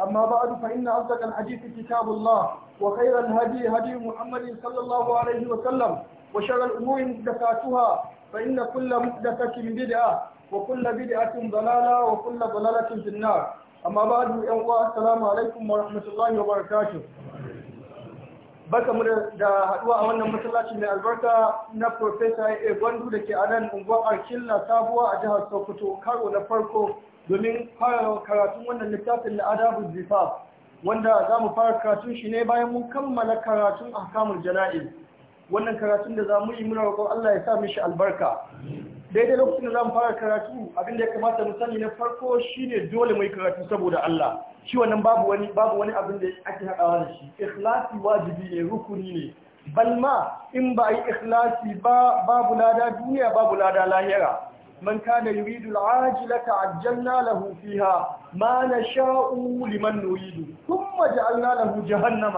أما بعد فإن أصدق الحديث كتاب الله وخير الهدي هدي محمد صلى الله عليه وسلم وشر الأمور محدثاتها فإن كل محدثة بدعة وكل بدعة ضلالة وكل ضلالة في النار أما بعد يوم السلام عليكم ورحمة الله وبركاته mu da haduwa a wannan masallaci mai albarka na Professor A. Gwandu da ke a nan unguwar Arkilla Sabuwa a jihar Sokoto karo na farko domin fara karatun wannan littafin na adabu zifa wanda za mu fara karatun shi ne bayan mun kammala karatun a ahkamul jana'i wannan karatun da za mu yi muna roƙon Allah ya sa mishi albarka daidai lokacin da za mu fara karatu abinda ya kamata mu sani na farko shine dole mu karatu saboda Allah shi wannan babu wani babu wani abin da ake haɗawa da shi ikhlasi wajibi ne rukuni ne balma in ba a yi ikhlasi ba babu lada duniya babu lada lahira من كان يريد العاجلة عجلنا له فيها ما نشاء لمن نريد ثم جعلنا له جهنم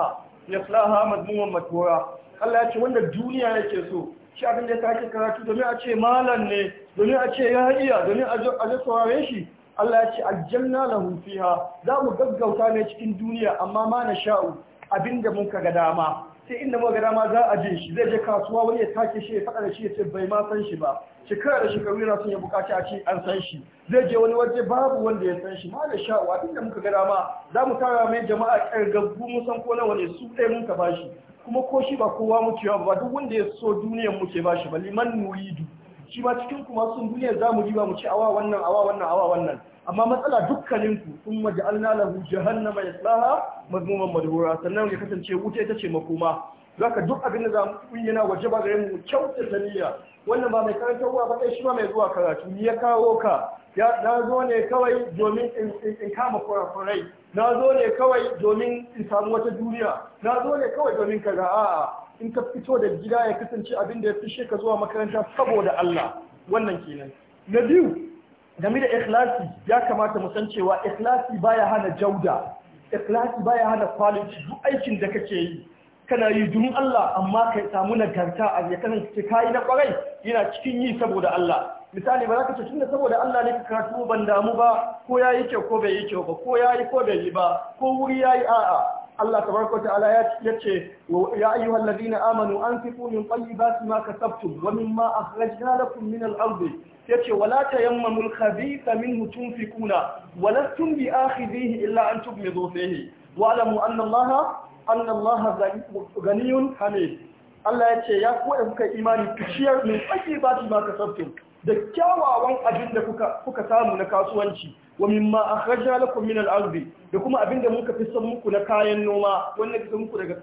يصلاها مذموما مدحورا Allah ya ce wanda duniya yake so shi abin da ya sake karatu domin a ce malam ne domin a ce ya iya domin a ji saurare shi Allah ya ce aljanna lahu fiha za mu gaggauta ne cikin duniya amma ma na sha'u abinda mun ka ga dama sai inda muka ma za a jin shi zai je kasuwa wani ya take shi ya faɗa da shi ya ce bai ma san shi ba shekara da shekaru yana son ya bukaci a ce an san shi zai je wani waje babu wanda ya san shi ma da wa inda muka ga dama za mu tara mai jama'a ƙargaggu mun san ko nawa ne su ɗaya mun ka bashi kuma ko shi ba kowa muke ba duk wanda ya so duniyar mu ke bashi ba liman nuridu shi ma cikin kuma sun duniya za mu ba mu ci awa wannan awa wannan awa wannan amma matsala dukkaninku sun maji an lalahu jahannama ya tsaha mazmuman Madura. sannan ya kasance wuta ita ce makoma za ka duk abin da za mu kunyana waje ba gare mu kyauta saniya wannan ba mai karantar ruwa ba kai shi ma mai zuwa karatu ni ya kawo ka na zo ne kawai domin in kama kurakurai na zo ne kawai domin in samu wata duniya na zo ne kawai domin ka ga a'a in ka fito da gida ya kasance abin da ya fi ka zuwa makaranta saboda Allah wannan kenan na biyu game da ikhlasi ya kamata mu san cewa ikhlasi baya hana jauda ikhlasi baya hana quality duk aikin da kake yi kana yi dun Allah amma kai samu nagarta a ya kasance kai na kwarai yana cikin yi saboda Allah misali ba za ka ce tunda saboda Allah ne ka karatu ban damu ba ko yayi kyau ko bai yi kyau ba ko yayi ko bai yi ba ko wuri yayi a'a Allah tabaraka ta'ala ya ce ya ayyuhal ladina amanu anfiqu min tayyibati ma kasabtum wa mimma akhrajna lakum min al-ardi yace wala tayammamu al-khabitha minhu tunfiquna wa lastum bi akhidhihi illa an tubmidu fihi wa alamu anna Allah anna Allah ghaniyyun hamid Allah ya ce ya ku da kuka imani ku ciyar min tayyibati ma kasabtum da kyawawan abin da kuka samu na kasuwanci wa mimma akhrajna lakum min al-ardi da kuma abin da muka fi son muku na kayan noma wannan da muku daga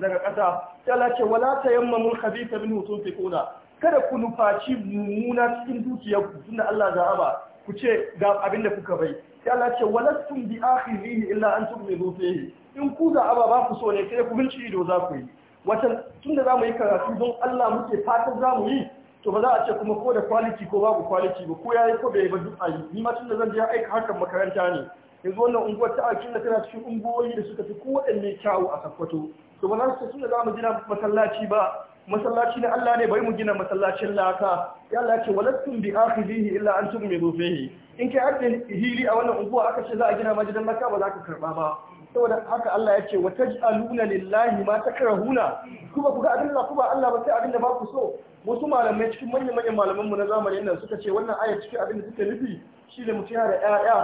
daga kasa sai Allah ce wala tayammamul khabitha minhu tunfiquna kada ku nufaci mummuna cikin dukiyarku tunda Allah za a ba ku ce ga abin da kuka bai sai Allah ce walastum bi akhizihi illa an tumidu fihi in ku aba ba ku so ne sai ku binci ido za ku yi wata tunda zamu yi karatu don Allah muke fatan zamu yi to ba za a ce kuma ko da kwaliti ko babu kwaliti ba ko yayi ko bai ba duk ayi ni ma tunda zan je aika harkar makaranta ne yanzu wannan unguwar ta akin da tana cikin unguwoyi da suka fi ko kowanne kyawu a Sokoto to ba za su tunda za mu gina masallaci ba masallaci na Allah ne bai mu gina masallacin laka ya Allah ce walastum bi akhidhihi illa an tumidu fihi in kai addin hili a wannan unguwa aka ce za a gina majidan laka ba za ka karba ba saboda haka Allah ya ce wa taj'aluna lillahi ma takrahuna kuma ku abin da kuma Allah ba sai abin da ba ku so wasu malamai cikin manyan manyan malaman mu na zamani nan suka ce wannan aya cikin abin da suka nufi shine mutum yana da ƴaƴa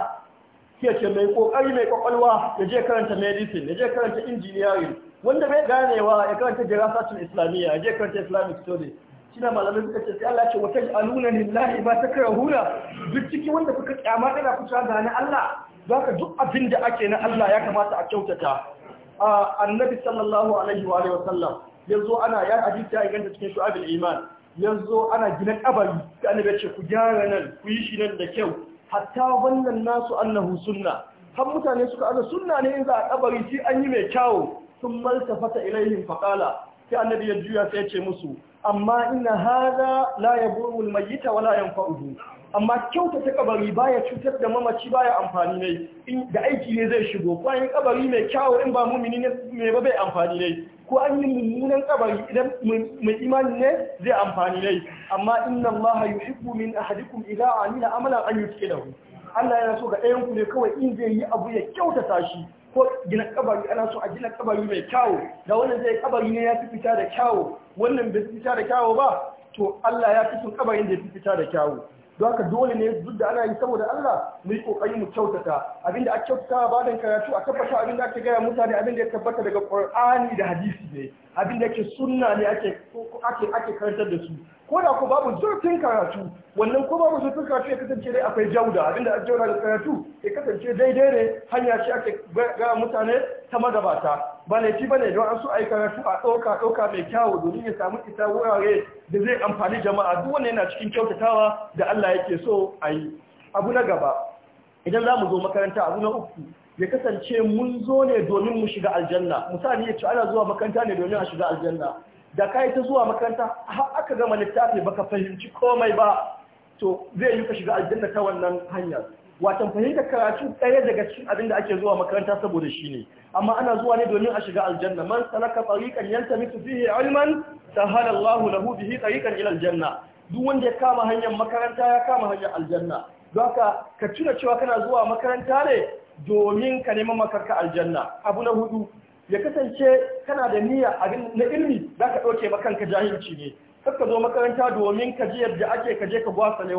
ke ce mai kokari mai kwakwalwa ya je karanta medicine ya je karanta engineering wanda bai ganewa ya karanta dirasatul islamiyya ya je karanta islamic studies shine malamai suka ce sai Allah ce wata aluna lillahi ba ta hula duk ciki wanda kuka kyama kana kusa da ni Allah za ka duk abin da ake na Allah ya kamata a kyautata annabi sallallahu alaihi wa sallam yanzu ana ya hadisi ya inganta cikin shu'abul iman yanzu ana gina kabari sai annabi ya ce ku gyara nan ku yi shi nan da kyau hatta wannan nasu annahu sunna har mutane suka aza sunna ne in za a kabari shi an yi mai kyawu sun maltafata ilaihim faqala sai annabi ya juya sai ya ce musu amma inna hadha la yaburu almayyita wa la yanfa'uhu amma kyautata kabari baya cutar da mamaci baya amfani ne in da aiki ne zai shigo ko an kabari mai kyawo, in ba mumini ne mai ba bai amfani ne ko an yi mummunan kabari idan mai imani ne zai amfani ne amma inna Allah yuhibbu min ahadikum idza amila amalan an yutqidahu Allah yana so ga ɗayan ku ne kawai in zai yi abu ya kyautata shi ko gina kabari ana so a gina kabari mai kyawo. da wannan zai kabari ne ya fi fita da kyawo. wannan bai fita da kyawo ba to Allah ya fi son kabarin da ya fi fita da kyawu don haka dole ne duk da ana yi saboda Allah mu yi kokari mu kyautata abinda a kyautata ba dan karatu a tabbata abinda ake gaya mutane abinda ya tabbata daga Qur'ani da hadisi ne abinda yake sunna ne ake ake ake karantar da su ko da ko babu zurfin karatu wannan ko babu zurfin karatu ya kasance dai akwai jauda abinda a jauda da karatu ya kasance daidai ne hanya ce ake ga mutane ta magabata ba laifi ba ne don an so a yi karatu a ɗauka ɗauka mai kyawu domin ya samu isa wurare da zai amfani jama'a duk wanda yana cikin kyautatawa da Allah yake so a yi abu na gaba idan za mu zo makaranta abu na uku ya kasance mun zo ne domin mu shiga aljanna misali ya ce ana zuwa makaranta ne domin a shiga aljanna da ka yi ta zuwa makaranta har aka gama littafi baka fahimci komai ba to zai yi ka shiga aljanna ta wannan hanyar watan fahimtar karatu ɗaya daga cikin abin da ake zuwa makaranta saboda shi ne amma ana zuwa ne domin a shiga aljanna man salaka tariqan yantamisu fihi ilman sahala Allahu lahu bihi tariqan ila aljanna duk wanda ya kama hanyar makaranta ya kama hanyar aljanna don haka ka tuna cewa kana zuwa makaranta ne domin ka neman makarka aljanna abu na hudu ya kasance kana da niyya abin na ilmi za ka ɗauke makanka jahilci ne ka zo makaranta domin ka ji yadda ake ka je ka gwasa ne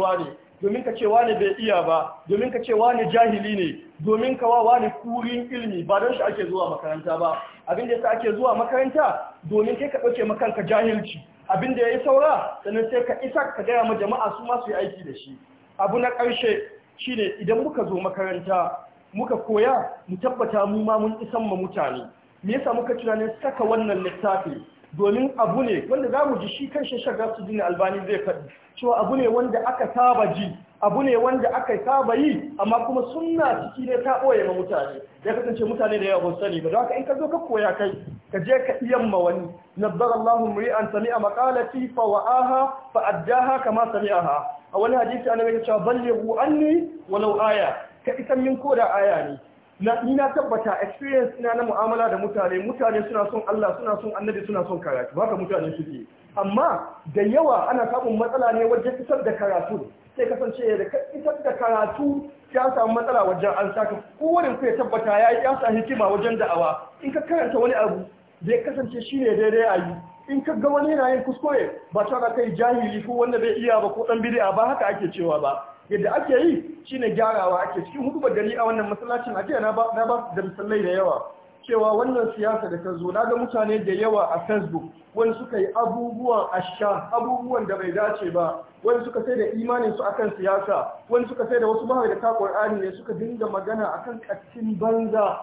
domin ka ce wani bai iya ba domin ka ce wani jahili ne domin ka wa wani kurin ilimi ba don shi ake zuwa makaranta ba abin da yasa ake zuwa makaranta domin kai ka ɗauke makanka jahilci abin da ya yi saura sannan sai ka isa ka gaya ma jama'a su ma su yi aiki da shi abu na ƙarshe shine idan muka zo makaranta muka koya mu tabbata mu ma mun isan ma mutane me yasa muka tunanin saka wannan littafi domin abu ne wanda za mu ji shi kan shi shagar su jini albani zai faɗi cewa abu ne wanda aka saba ji abu ne wanda aka saba yi amma kuma sunna ciki ne ta ɓoye ma mutane ya kasance mutane da yawa sani ba don haka in ka zo ka koya kai ka je ka iyan ma wani nabbar Allahu muri'an sami'a makalati fa wa'aha fa addaha kama sami'aha a wani hadisi annabi ya ce ballighu anni walau aya ka isan min koda aya ne ni na tabbata experience ina na mu'amala da mutane mutane suna son Allah suna son annabi suna son karatu haka mutane suke amma da yawa ana samun matsala ne wajen isar da karatu sai kasance da isar da karatu ya samu matsala wajen an saka kowane ku ya tabbata ya yi yasa hikima wajen da'awa in ka karanta wani abu da ya kasance ne daidai a yi in ka ga wani yana yin kuskure ba ta kai jahili ko wanda bai iya ba ko dan bid'a ba haka ake cewa ba yadda ake yi shine gyarawa ake cikin hudubar gari a wannan masallacin a jiya na ba su da misalai da yawa cewa wannan siyasa da ta zo na ga mutane da yawa a facebook wani suka yi abubuwan asha abubuwan da bai dace ba wani suka sai da imanin su akan siyasa wani suka sai da wasu bahar da ta ne suka dinga magana akan katin banza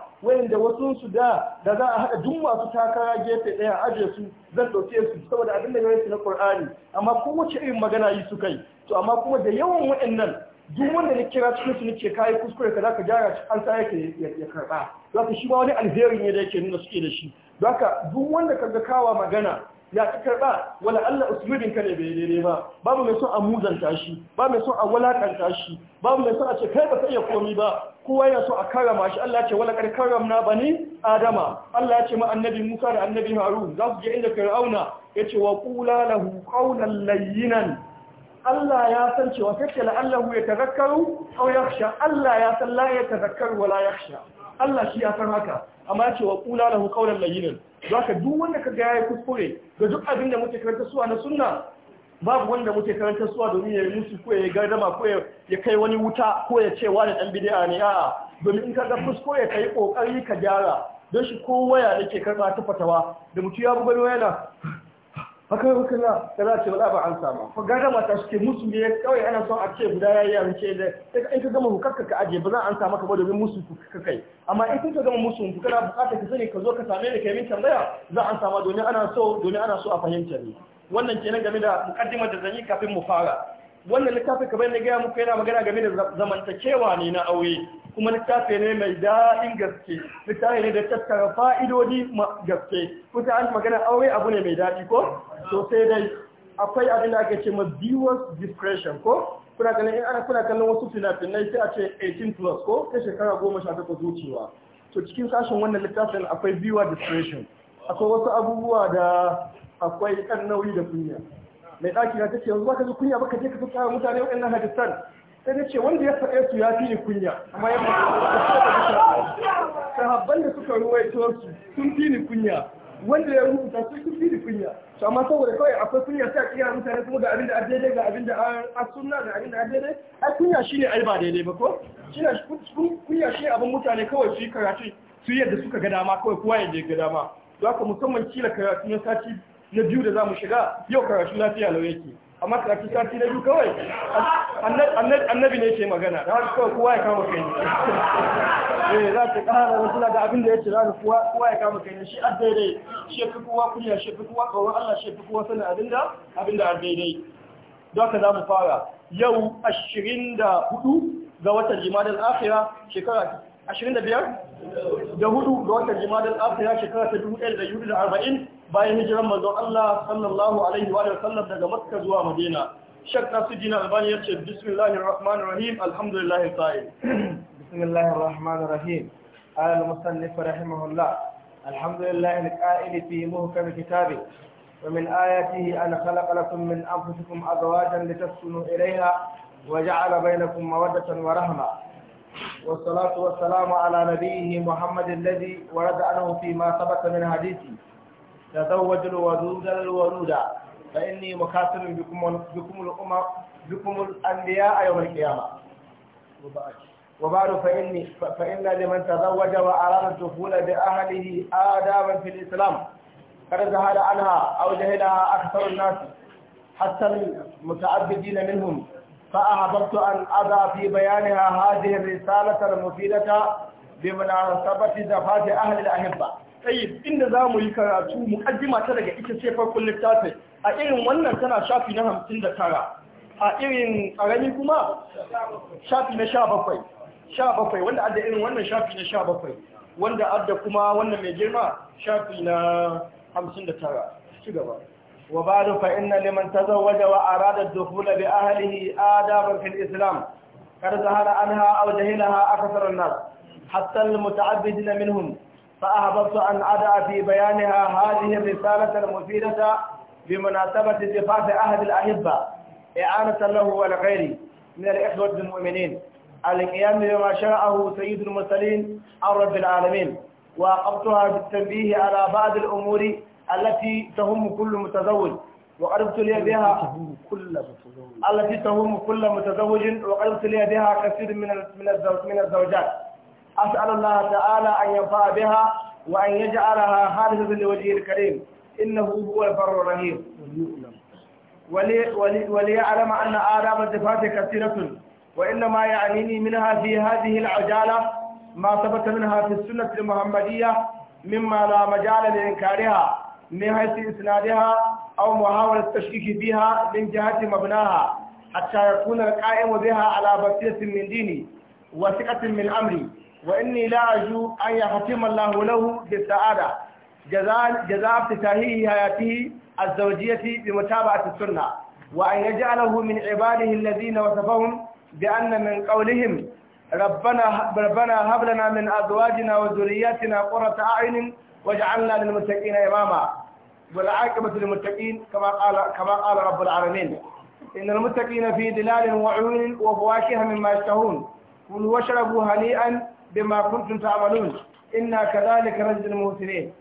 da wasu su da da za a haɗa duk masu takara gefe ɗaya a aje su zan ɗauke su saboda abin da su na ƙur'ani amma kowace irin magana yi su kai to amma kuma da yawan waɗannan duk wanda na kira cikin su nake kayi kuskure ka zaka gyara shi an sai yake ya karba zaka shi ba wani alheri ne da yake nuna suke da shi zaka duk wanda kaga kawa magana ya ci karba wala Allah usulubin ka ne bai daidai ba babu mai son a muzanta shi babu mai son a walakanta shi babu mai son a ce kai ba ka iya komi ba kowa yana so a karama shi Allah ya ce wala karamna bani adama Allah ya ce ma annabi Musa da annabi Harun za su je inda Fir'auna ya ce wa qula lahu qawlan layyinan Allah ya san cewa kake la'allahu ya tazakkaru aw yakhsha Allah ya san la ya tazakkaru wala yakhsha Allah shi ya san haka amma ce wa qula lahu qawlan layyinan zaka duk wanda ka ga ya kuskure ga duk abin da muke karanta suwa na sunna babu wanda muke karanta suwa domin ya musu ko ya gardama ko ya kai wani wuta ko ya ce wani dan bid'a ne a'a domin in ka ga kuskure kai kokari ka gyara don shi ko waya nake ke ta fatawa da mutu ya buga yana haka yi na da za a ba ba an sama fa gara mata suke musu ne kawai ana son a ce guda yayi an ce da in ka gama hukakka ka aje ba za an sama ka ba domin musu ka kai amma in ka gama musu ka kana bukatar ka sani ka zo ka same ni kai min tambaya za an sama domin ana so domin ana so a fahimta ne wannan kenan game da mukaddimar da zan yi kafin mu fara wannan littafin kamar na gaya muku yana magana game da zamantakewa ne na aure kuma littafi ne mai daɗin gaske littafi ne da tattara fa'idodi gaske kusa an magana aure abu ne mai daɗi ko to sai dai akwai abin da ake ce ma viewers discretion ko kuna ganin in ana kuna kallon wasu fina-finai sai a ce 18 plus ko ta shekara goma sha takwas zuciwa. to cikin sashen wannan littafin akwai viewer discretion akwai wasu abubuwa da akwai kan nauyi da kunya mai ɗaki na tace yanzu baka ji kunya baka je ka tsaya mutane waɗannan hadisan sai na ce wanda ya faɗe su ya fi ni kunya amma ya sahabban da suka ruwaito su sun fi ni kunya wanda ya rubuta su sun fi ni kunya to amma saboda kawai akwai kunya sai a kiyaye mutane kuma ga abin da daidai ga abin da a sunna ga abin da a daidai ai kunya shine ai ba daidai ba ko shine kunya shine abin mutane kawai su yi karatu su yadda suka ga dama kawai kowa ya ya ga dama don ka musamman kila karatu na sati na biyu da za mu shiga yau karatu lafiya lau yake amma kafin sati na biyu kawai annabi ne ke magana da haka kawai kowa ya kama kai eh za ta kara wasu da abin da ya ce za kowa kowa ya kama kai shi a daidai shi ya fi kowa kunya shi ya fi kowa tsoron Allah shi ya fi kowa sanin abin da abin da a daidai don haka za mu fara yau ashirin da hudu ga watan jimadar akhira shekara ashirin da biyar da hudu ga watan jimadar akhira shekara ta dubu ɗaya da yudu da arba'in bayan hijiran manzon Allah sallallahu alaihi wa sallam daga Makka zuwa Madina Sheikh Nasiruddin Albani ya ce bismillahir rahmanir rahim alhamdulillahi ta'ala bismillahir rahmanir rahim قال المصنف رحمه الله الحمد لله القائل في مهكم كتابه ومن آياته أن خلق لكم من أنفسكم أزواجا لتسكنوا إليها وجعل بينكم مودة ورحمة والصلاة والسلام على نبيه محمد الذي ورد عنه فيما ثبت من حديثه تزوج الودود الورود فإني مكاثر بكم بكم الأمم بكم الأنبياء يوم القيامة وبعد فإني فإن لمن تزوج وأراد الدخول بأهله آدابا في الإسلام قد زهد عنها أو جهلها أكثر الناس حتى المتعبدين منهم فأحببت أن أضع في بيانها هذه الرسالة المفيدة بمناسبة زفاة أهل الأحبة tayyib inda za mu yi karatu muqaddima ta daga ita ce farkon littafin a irin wannan tana shafi na hamsin da tara a irin ƙarami kuma shafi na sha bakwai sha bakwai wanda adda irin wannan shafi na sha bakwai wanda adda kuma wannan mai girma shafi na hamsin da tara ci gaba wa ba da fa'inna liman ta zawaja wa da dukula bi ahalihi adabar fil islam kar zahara an ha a au jahila ha a akasarar nas hatta muta'abbidina hun. فأحببت أن أدع في بيانها هذه الرسالة المفيدة بمناسبة صفات أحد الأحبة إعانة له ولغيره من الإخوة المؤمنين على القيام بما شرعه سيد المرسلين عن رب العالمين وأقبتها بالتنبيه على بعض الأمور التي تهم كل متزوج وقربت لي بها التي تهم كل متزوج وقربت لي بها كثير من من الزوجات أسأل الله تعالى أن ينفع بها وأن يجعلها خالصة لوجهه الكريم إنه هو البر الرحيم وليعلم أن آلام الزفات كثيرة وإنما يعنيني منها في هذه العجالة ما ثبت منها في السنة المحمدية مما لا مجال لإنكارها من حيث إسنادها أو محاولة التشكيك بها من جهة مبناها حتى يكون القائم بها على بصيرة من ديني وثقة من أمري وإني لا أرجو أن يختم الله له بالسعادة جزاء جزاء افتتاحه حياته الزوجية بمتابعة السنة وأن يجعله من عباده الذين وصفهم بأن من قولهم ربنا ربنا هب لنا من أزواجنا وذرياتنا قرة أعين واجعلنا للمتقين إماما والعاقبة للمتقين كما قال كما قال رب العالمين إن المتقين في ظلال وعيون وفواكه مما يشتهون كلوا واشربوا هنيئا بما كنتم تعملون إنا كذلك نجزي المحسنين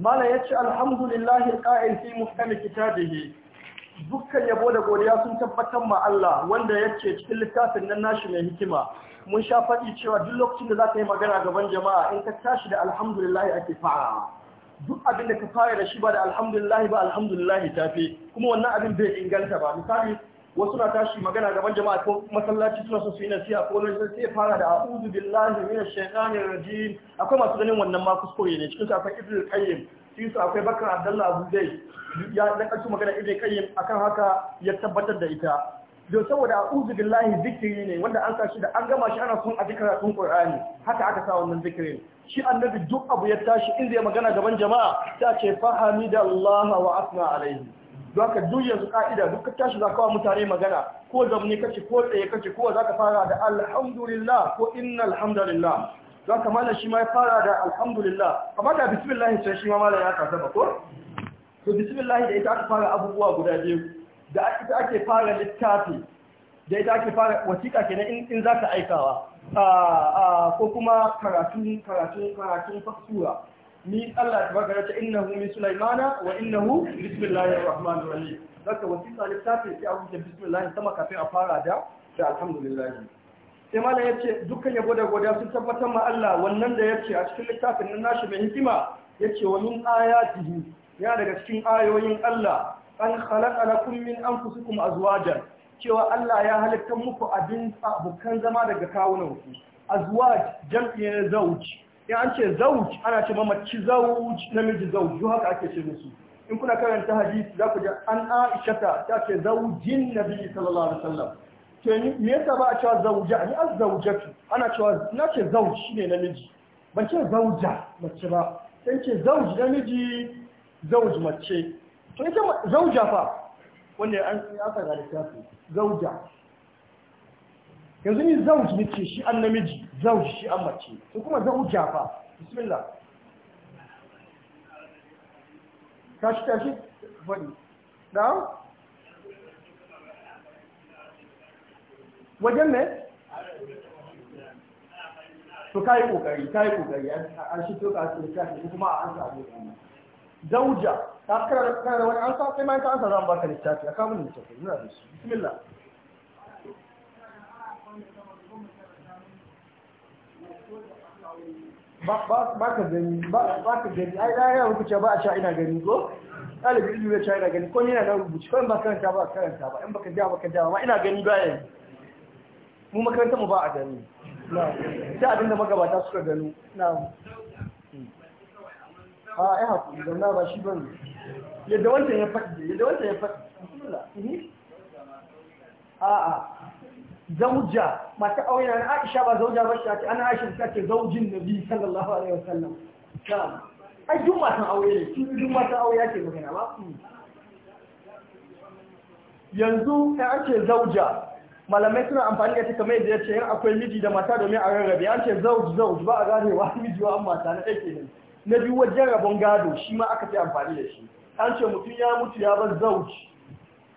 mala ya ce alhamdulillahi ƙa'il fi muhkami kitabihi dukkan yabo da godiya sun tabbatar ma Allah wanda ya ce cikin littafin nan nashi mai hikima mun sha faɗi cewa duk lokacin da za ka yi magana gaban jama'a in ka tashi da alhamdulillahi ake fara duk abin da ka fara da shi ba da alhamdulillahi ba alhamdulillahi tafi kuma wannan abin bai inganta ba misali wasu na tashi magana gaban jama'a ko masallaci suna so su yi nasiha ko wani sai fara da a'udhu billahi minash shaitanir rajim akwai masu ganin wannan ma kuskure ne cikin su akwai ibnu qayyim cikin su akwai bakar abdullah abu dai ya dan kasu magana ibnu qayyim akan haka ya tabbatar da ita don saboda a'udhu billahi zikiri ne wanda an sa da an gama shi ana son a ji karatun qur'ani haka aka sa wannan zikirin shi annabi duk abu ya tashi inda ya magana gaban jama'a ta ce fahamida allah wa asma alaihi don ka duk su ka'ida duk ka tashi za ka mutane magana ko zamani kace ko tsaye kace ko za ka fara da alhamdulillah ko inna alhamdulillah za ka mana shi ma ya fara da alhamdulillah kamar da bismillah sai shi ma malam ya kasa ko to bismillah da ita aka fara abubuwa guda biyu da ita ake fara littafi da ita ake fara wasiƙa kenan in in za ka aikawa ah, ah, ko kuma karatun karatun karatun fasura ni Allah ta baka rata innahu min sulaimana wa innahu bismillahir rahmanir rahim zaka wasiƙa littafin sai a rubuta bismillah sama kafin a fara da da alhamdulillah sai malam yace dukkan yabo da godiya sun tabbatar ma Allah wannan da yace a cikin littafin nan nashi mai hikima yace wa min ayatihi ya daga cikin ayoyin Allah an khalaqa lakum min anfusikum azwajan cewa Allah ya halitta muku abin abokan zama daga kawunanku azwaj jam'i na zauji in an ce zauj ana ce mamaci zauj namiji zauj haka ake ce musu in kuna karanta hadisi za ku ji an aisha ta ta ce zaujin nabi sallallahu alaihi wasallam to me yasa ba a cewa zauja ni az zaujatu ana cewa na ce zauj shine namiji ban ce zauja mace ba sai ce zauj namiji zauj mace to ita zauja fa wanda an aka ga littafi zauja yanzu ni zauji ne ce shi an namiji zauji shi an mace su kuma zauja fa bismillah tashi tashi wani da wajen ne to kayi kokari kayi kokari an shi toka su ta shi kuma an samu zauja ta kana wani an sa sai ma ta an sa zan baka littafi a kamun littafi ina da su. bismillah ba ka gani ba ka gani ai da ya rubuce ba a sha ina gani ko ɗalibin ilimi ya sha ina gani ko ni na rubuce ko in ba karanta ba karanta ba in baka jawa baka jawa ma ina gani ba yayi mu makaranta mu ba a gani na sai abinda magabata suka gano na hmm. a ah, ai hakuri zauna ba shi bane yadda wancan ya faɗi yadda wancan ya faɗi a'a zauja mata aure na Aisha ba zauja ba shi ana Aisha ta ce zaujin Nabi sallallahu alaihi wasallam ta ai duk matan aure ne shi duk matan aure yake magana ba yanzu an ce zauja malamai suna amfani da ta kamar yadda ya ce yin akwai miji da mata domin a rarrabe an ce zauj zauj ba a gane wa, miji wa mata na yake ne na biyu wajen rabon gado shi ma aka fi amfani da shi an ce mutum ya mutu ya bar zauj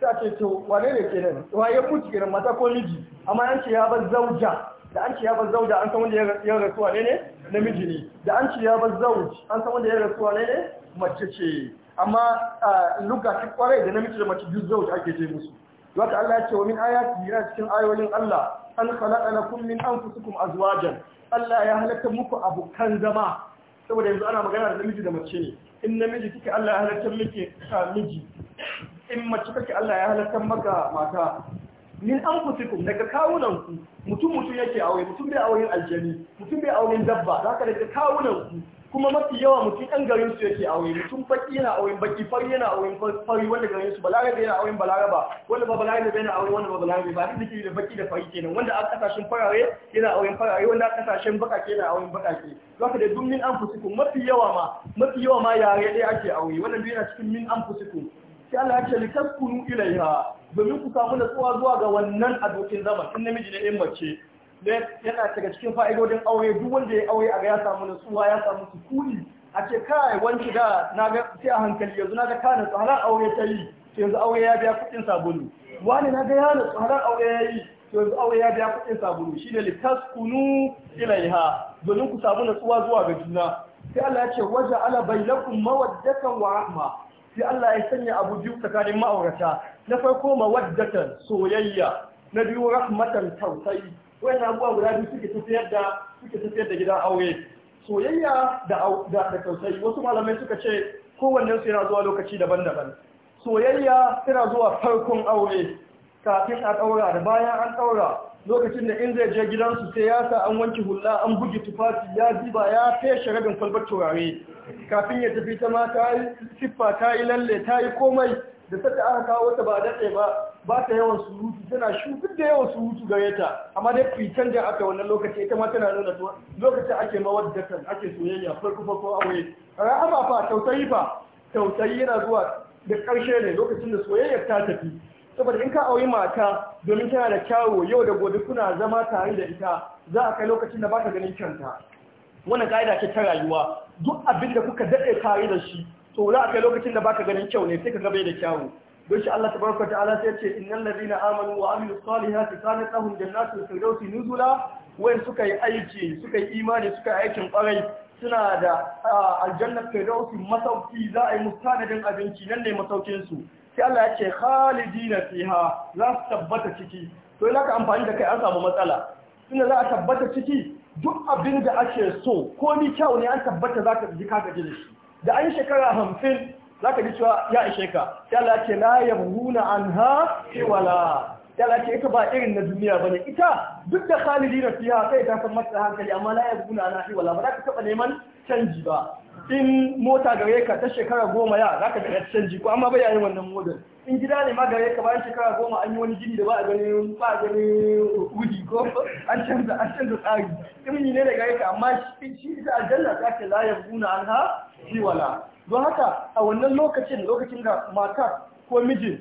sai ce to wane ne ke nan waye mutu kenan mata ko miji amma an ce ya bar zauja da an ce ya bar zauja an san wanda ya rasu wane ne namiji ne da an ce ya bar zauj an san wanda ya rasu wane ne mace ce amma luga ta kwarai da namiji da mace duk zauj ake je musu Wata Allah ya ce wa min ayati yana cikin ayoyin Allah an khalaqa lakum min anfusikum azwajan Allah ya halatta muku abokan zama saboda yanzu ana magana da namiji da mace ne in namiji kike Allah ya halatta miki miji in mace kake Allah ya halatta maka mata min anfusikum daga kawunan ku mutum mutum yake aure mutum bai auren aljani mutum bai auren dabba za ka daga kawunan ku kuma mafi yawa mutum ɗan garin su yake aure mutum baki yana auren baki fari yana auren fari wanda garin su balarabe yana auren balaraba wanda ba bai yana auren wanda ba balarabe ba duk da da baki da fari kenan wanda a kasashen farare yana auren farare wanda a kasashen bakake yana auren bakake zaka da duk min anfusikum mafi yawa ma mafi yawa ma yare ɗaya ake aure wannan duk yana cikin min anfusikum sai Allah ya ce taskunu ilaiha domin ku samu natsuwa zuwa ga wannan abokin zaman in namiji da 'yan mace yana daga cikin fa'idodin aure duk wanda ya aure a ga ya samu natsuwa ya samu sukuni a ce kai wanki da na ga sai a hankali yanzu na ga ka natsu halar aure ta yi yanzu aure ya biya kuɗin sabulu wani na ga ya natsu halar aure ya yi yanzu aure ya biya kuɗin sabulu shine taskunu ilaiha domin ku samu natsuwa zuwa ga juna sai Allah ya ce waja ala bainakum mawaddatan wa rahma sai Allah ya sanya abu biyu tsakanin ma'aurata na farko mawaddatan soyayya na biyu rahmatan tausayi na abuwa guda biyu suke tafiyar da suke tafiyar da gidan aure soyayya da da tausayi wasu malamai suka ce kowannen su yana zuwa lokaci daban-daban soyayya tana zuwa farkon aure kafin a ɗaura da bayan an ɗaura lokacin da in zai je gidansu sai ya sa an wanke hula an buge tufafi ya ziba ya feshe rabin kwalbar turare kafin ya tafi ta ma ta yi siffa ta yi lalle ta yi komai da sata aka kawo ta ba daɗe ba ba ta yawan surutu tana shu da yawan surutu gare ta amma dai pretendin aka wannan lokaci ita ma tana nuna to lokacin ake mawaddatan ake soyayya farko farko aure rahama fa tausayi fa tausayi yana zuwa da ƙarshe ne lokacin da soyayyar ta tafi saboda in ka auri mata domin tana da kyawo yau da gobe kuna zama tare da ita za a kai lokacin da baka ganin kanta wannan ka'ida ce ta rayuwa duk abin da kuka daɗe tare da shi to za a kai lokacin da baka ganin kyau ne sai ka gabe da kyawu don shi Allah tabaraka ta'ala sai ya ce innal ladina amanu wa amilus salihati kana lahum jannatul firdausi nuzula wayan suka yi aiki suka yi imani suka yi aikin kwarai suna da ah, aljannar firdausi masauki za a yi mutanadin abinci nan ne masaukin su sai Allah ya ce khalidina fiha za su tabbata ciki to idan ka amfani da kai an samu matsala tunda za a tabbata ciki duk abin da ake so ko ni kyau ne an tabbata za ka ji kaka ji da shi da an shekara hamsin za ka ji cewa ya ishe ka sai Allah ya ce la anha wala yana ce ita ba irin na duniya bane ita duk da khalidi na fiya kai ta san masa hankali amma la ya na wala ba za ka taba neman canji ba in mota gare ka ta shekara goma ya za ka ga canji jiko amma bai yin wannan model in gida ne ma gare ka bayan shekara goma an yi wani gini da ba a ganin ba a gani ko an canza an canza tsari in ne da gare ka amma shi ita aljanna ka layar la an ha fi wala don haka a wannan lokacin lokacin da mata ko mijin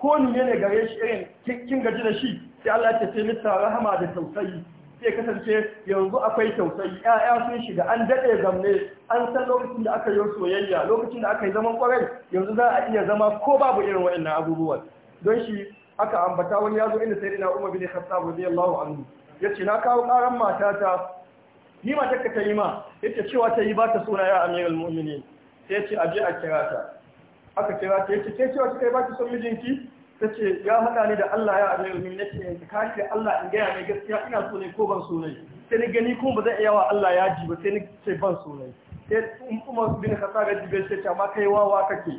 ko ne ne gare shi irin kin gaji da shi sai Allah ya tafi masa rahama da tausayi sai kasance yanzu akwai tausayi Yaya sun shiga an daɗe zamne an san lokacin da aka yi soyayya lokacin da aka yi zaman kwarai yanzu za a iya zama ko babu irin waɗannan abubuwan don shi aka ambata wani ya zo inda sai na umar bin khattab radiyallahu anhu yace na kawo karan matata ni ma takka ta yi ma yace cewa ta yi ba ta suna ya amirul mu'minin sai yace aje a kira ta aka kira ta yace ke cewa kai ba ki son mijinki ta ce ya haɗa ni da Allah ya amir min na ce yanzu kashi Allah in gaya mai gaskiya ina so ne ko ban so ne sai ni gani kuma ba zai iya wa Allah ya ji ba sai ni ce ban so ne sai Umar bin Khattab ya sai ta ma kai wawa kake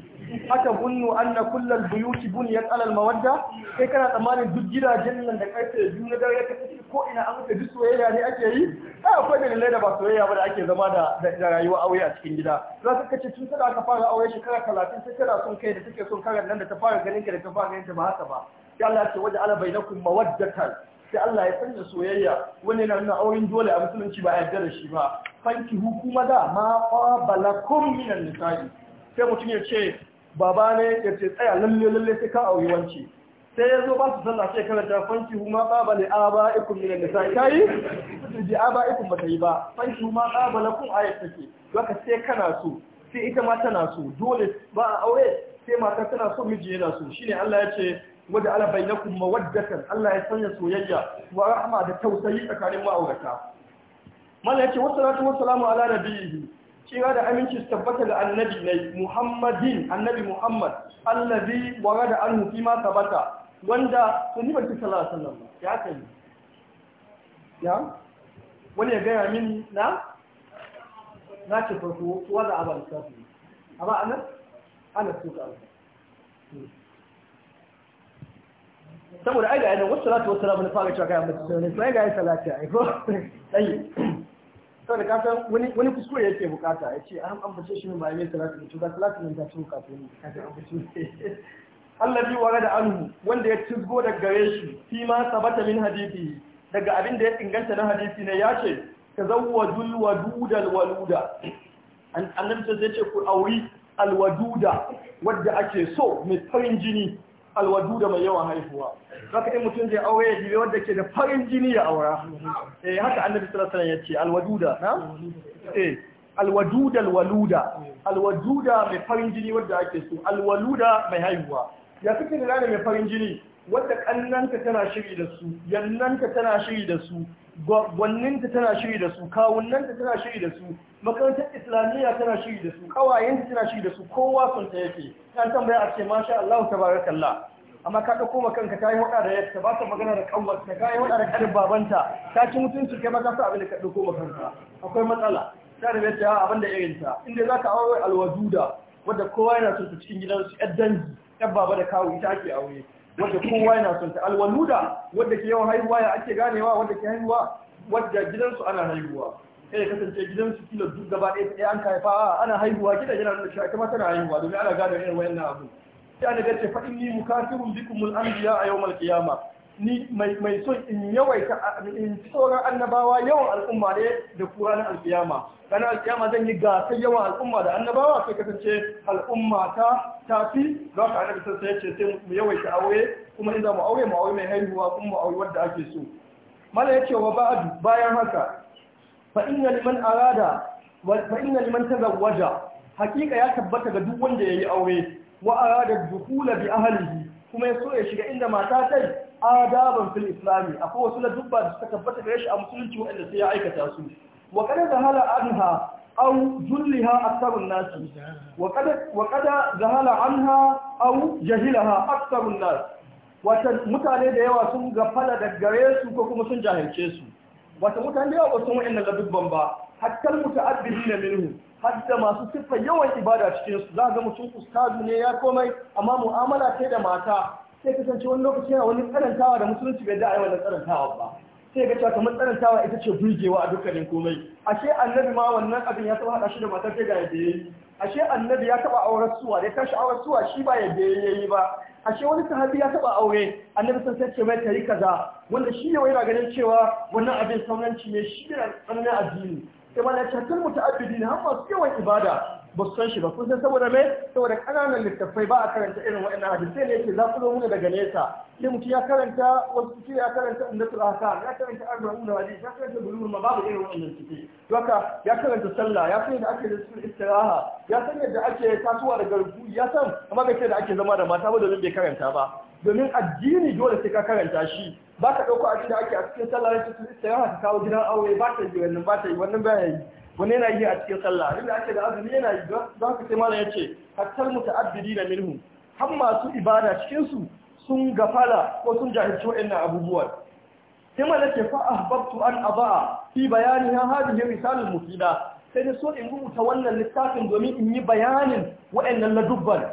haka bunnu anna kullal buyuti bunyat ala al mawadda sai kana tsammanin duk gidajen nan da karfe biyu na dare ka tafi ko ina an ka duk soyayya ne ake yi ai akwai dalilai da ba soyayya ba da ake zama da da rayuwa aure a cikin gida za ka kace tun sada ka fara aure shekara talatin? sai kana son kai da take son karan nan da ta fara ganin ka da ta fara ganin ta ba haka ba sai Allah ya ce waje ala bainakum mawaddatan sai Allah ya sanya soyayya wani na nuna auren dole a musulunci ba a yarda da shi ba fanki hukuma da ma qabalakum minan nisa'i sai mutum ya ce baba ne ya ce tsaya lalle lalle sai ka auri wanci sai ya zo ba su sallah sai karanta fanki huma ba ne aba ikum min nisa kai ji aba ikum ba yi ba fanki huma ba lakum ayat take baka sai kana so sai ita ma tana so dole ba a aure sai mata tana so miji yana so shine Allah ya ce wada ala bainakum mawaddatan Allah ya sanya soyayya wa rahma da tausayi tsakanin ma'aurata wa yace wa salamu ala nabiyhi kira da aminci su tabbata da annabi ne muhammadin annabi muhammad allazi warada an hufi ma sabata wanda sun yi barci sallallahu alaihi wasallam ya kai ya wani ya gaya min na na ce farko kuwa da abar safi amma ana ana su ka saboda ai da ainihin wasu salatu wasu salamu na fara cewa kayan mutu sai ga yi salati a iko ɗayi saboda ka san wani wani kuskure yake bukata ya ce an ambace shi ba mai salatu to ga salatu ne ta tuka to ne ka ambace allazi da anhu wanda ya cizgo da gare shi fi ma sabata min hadisi daga abin da ya inganta na hadisi ne ya ce tazawwajul wadudal waluda annabi sai ya ce ku auri alwaduda wadda ake so mai farin jini alwadu da mai yawan haihuwa zaka in mutum zai aure ya jibe wanda ke da farin jini ya aura eh haka annabi sallallahu alaihi wasallam yace alwaduda na eh alwaduda alwadu alwaduda mai farin jini wadda ake so alwaluda mai haihuwa ya kake da mai farin jini wadda kannanka tana shiri da su yannanka tana shiri da su gwanninta tana shiri da su kawunnanta tana shiri da su makarantar islamiyya tana shiri da su kawayenta tana shiri da su kowa sun ta yake kan tambaya a ce masha Allah tabarakallah amma ka ɗauko ma kanka ta yi da yadda ba ta magana da kanwarta ta kai hada da karin babanta ta ci mutunci kai ma ka sa abin da ka ɗauko ma akwai matsala ta da yadda ya abin da ta. inda zaka ka aure alwaduda wadda kowa yana son ta cikin gidansu yar dangi da kawo ita ake aure wadda kowa yana son ta alwaluda wadda ke yawan haihuwa ya ake ganewa wadda ke haihuwa wadda gidansu ana haihuwa sai ya kasance gidansu kilo duk gaba ɗaya ɗaya an fa ana haihuwa kila yana da shi kuma tana haihuwa domin ana gane irin wayannan abu sai an ga ce fa inni mukafirun bikum al-anbiya a yawmal qiyamah ni mai son in yawaita in sauran annabawa yawan al'umma ne da kura na alkiyama ranar alkiyama zan yi gasar yawan al'umma da annabawa sai kasance al'umma ta tafi za ka annabi sassa ya ce sai mu yawaita aure kuma in za mu aure mu aure mai haihuwa kuma mu aure wadda ake so mala ya ce wa ba'adu bayan haka fa inna liman arada fa hakika ya tabbata ga duk wanda ya yi aure wa arada dukhula bi ahlihi kuma ya so ya shiga inda mata tai adaban fil islami akwai wasu ladubba da suka tabbata gare shi a musulunci wanda sai ya aikata su wa kada zahala anha aw julliha aktarun nas wa kada wa kada zahala anha aw jahilaha aktarun nas wata mutane da yawa sun gafala da gare su ko kuma sun jahilce su wata mutane da yawa ba su wa'annan ladubban ba hatta muta'abbidina minhu hadda masu sifa yawan ibada cikin su za ga mutum ustazu ne ya komai amma mu'amala sai da mata sai kasance wani lokaci yana wani tsanantawa da musulunci bai da tsanantawa ba sai ga cewa kamar tsanantawa ita ce burgewa a dukkanin komai ashe annabi ma wannan abin ya taba hada shi da matar ta ga yadda yayi ashe annabi ya taba auren suwa da ya tashi auren suwa shi ba yadda yayi ba ashe wani sahabi ya taba aure annabi sun sai ce mai tari kaza wanda shi ne yana ganin cewa wannan abin sauranci ne shi ne tsananin addini kamar ma ce kan ne har masu yawan ibada ba su san shi ba kun san saboda mai saboda kananan littattafai ba a karanta irin wa'annan sai ne yake za ku zo muna daga nesa sai mutum ya karanta wasu ciki ya karanta su ahkam ya karanta arba'un da waje, ya karanta ma babu irin wa'annan ciki ya karanta sallah ya san yadda ake su istiraha ya san yadda ake da garbu ya san amma bai da ake zama da mata ba domin bai karanta ba domin addini dole sai ka karanta shi ba ka ɗauko da ake a cikin sallah rasul istiraha ka kawo gidan aure ba ta yi wannan ba ta yi wannan ba yi wani yana yi a cikin sallah abin da ake da azumi yana yi don haka sai malam ya ce hattar muta'addidi na minhu har masu ibada cikin su sun gafala ko sun jahilci wa'annan abubuwan sai malam ce fa ahbabtu an abaa fi bayani ha hadhihi risalul mufida sai da so in rubuta wannan littafin domin in yi bayanin wa'annan ladubban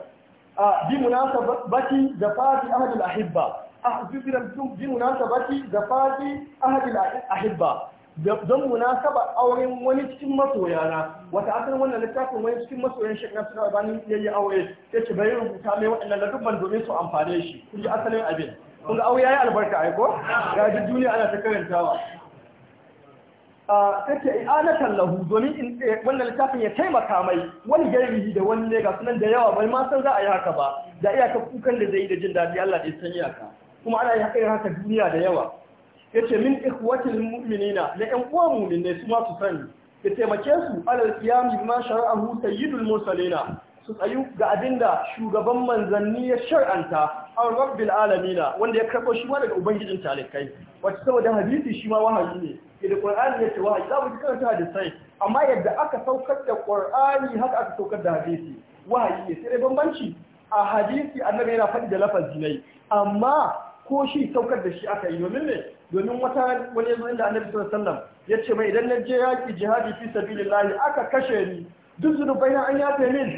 bi munasabati da fati ahadul ahibba a bi munasabati da fati ahadul ahibba don munasaba auren wani cikin masoyana wata asirin wannan littafin wani cikin masoyan suna na suna iya yi aure sai ce bayan rubuta mai waɗannan lafufan domin su amfane shi kun ji asalin abin kun ga aure yi albarka aiko. ko ga duk duniya ana ta karantawa ce i'anatan tallahu domin eh, wannan littafin ya taimaka mai wani gairihi da wani ne ga sunan da yawa bai ma san za a yi haka ba da iyaka kukan da zai yi da jin daɗi Allah ya san iyaka kuma ana yi haka duniya da yawa yace min ikhwatil mu'minina na yan uwa mu'minai su ma su sani ya taimake su alal qiyam bima shar'ahu sayyidul mursalina su tsayu ga abinda shugaban manzanni ya shar'anta an rabbil alamina wanda ya karɓo shi ma daga ubangijin talikai wacce saboda hadisi shi ma wahayi ne yadda ƙwar'ani ya ce wahayi za mu ji karanta hadisai amma yadda aka saukar da ƙwar'ani haka aka saukar da hadisi wahayi ne sai dai bambanci a hadisi annabi yana faɗi da lafazi ne amma ko shi saukar da shi aka yi domin ne domin wata wani yanzu da annabi sallallahu alaihi wasallam ya ce mai idan na je yaƙi jihadi fi sabilillahi aka kashe ni duk zunubai na an yafe min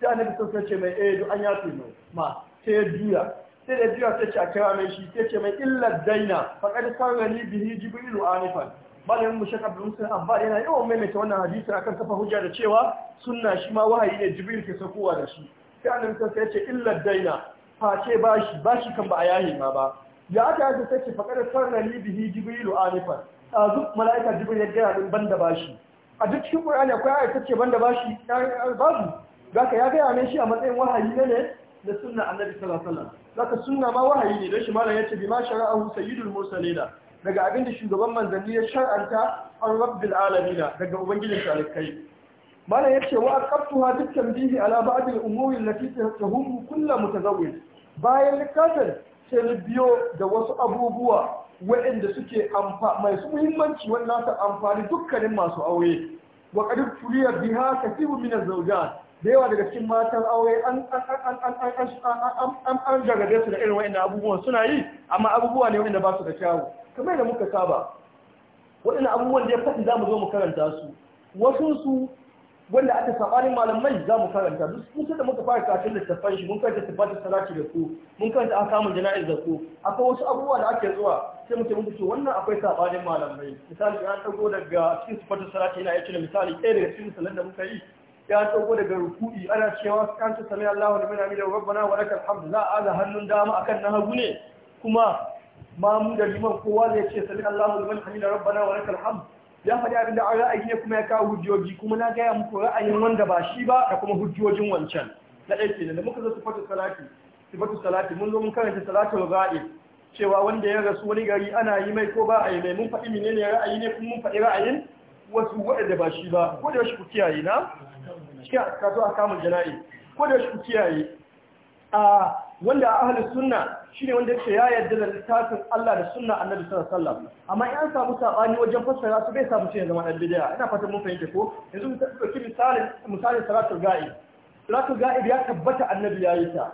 sai annabi sallallahu alaihi ce mai eh duk an yafe mai. ma sai ya juya sai da juya sai ce a kira mai shi sai ce mai illa daina faqad sarani bihi jibrilu anifan malamin mu shaka bin sun abba yana yawan maimaita wannan hadisi akan kafa hujja da cewa sunna shi ma wahayi ne jibril ke sakowa da shi sai annabi sallallahu alaihi ya ce illa daina face bashi bashi kan ba a yahi ma ba ya aka yi sai ce faƙar sarra ni bihi jibrilu anifan a duk mala'ika jibril ya gaya din banda bashi a duk cikin qur'ani akwai ayat ta ce banda bashi babu zaka ya gaya min shi a matsayin wahayi ne ne da sunna annabi sallallahu alaihi wasallam zaka sunna ma wahayi ne don shi malam yace ma shara'ahu sayyidul mursalina daga abinda shugaban manzanni ya shar'anta an rabbil alamin daga ubangijin talikai malam ce wa aqaftuha bit tanbihi ala ba'd al umuri kulla mu kullu mutazawwij bayan littafin sai biyo da wasu abubuwa waɗanda suke mai su muhimmanci wannan ta amfani dukkanin masu aure wa qad tuliya biha kathibu min az da yawa daga cikin matan aure an an gargade su da irin waɗanda abubuwan suna yi amma abubuwa ne waɗanda ba su da kyawu kamar da muka saba waɗannan abubuwan da ya faɗi za mu zo mu karanta su wasu su wanda aka sabanin malamai za mu karanta duk kusa da muka fara karatun littattafan shi mun karanta tabbatar salati da ku mun karanta akamun jana'iz da ku akwai wasu abubuwa da ake zuwa sai muke muku ce wannan akwai sabanin malamai misali ya dago daga cikin tabbatar salati ina yace misali ɗaya daga cikin salan da muka yi ya dago daga ruku'i ana cewa kan ta sami Allahu liman hamida rabbana wa lakal hamdu za a hannun dama akan na hagu ne kuma mamu da liman kowa zai ce sami Allahu liman hamida rabbana wa lakal hamdu ya faɗi abin da an ra'ayi ne kuma ya kawo hujjoji kuma na gaya muku ra'ayin wanda ba shi ba da kuma hujjojin wancan na ɗaya kenan da muka zo sifatu salati sifatu salati mun zo mun karanta salatul ra'ib cewa wanda ya rasu wani gari ana yi mai ko ba a yi mai mun faɗi menene ra'ayi ne kuma mun faɗi ra'ayin wasu waɗanda ba shi ba ko da yaushe ku kiyaye na cikin kasuwa a kamun jana'i ko da shi ku kiyaye a ah, wanda a ahalin sunna shi ne wanda ya ya yarda da littafin Allah da sunna annabi sallallahu alaihi wasallam amma in an samu sabani wajen fassara su bai samu cin zama dan bid'a ina fatan mun fahimta ko yanzu mu tafi misalin misalin salatul ga'ib salatul ga'ib ya tabbata annabi ya yi ta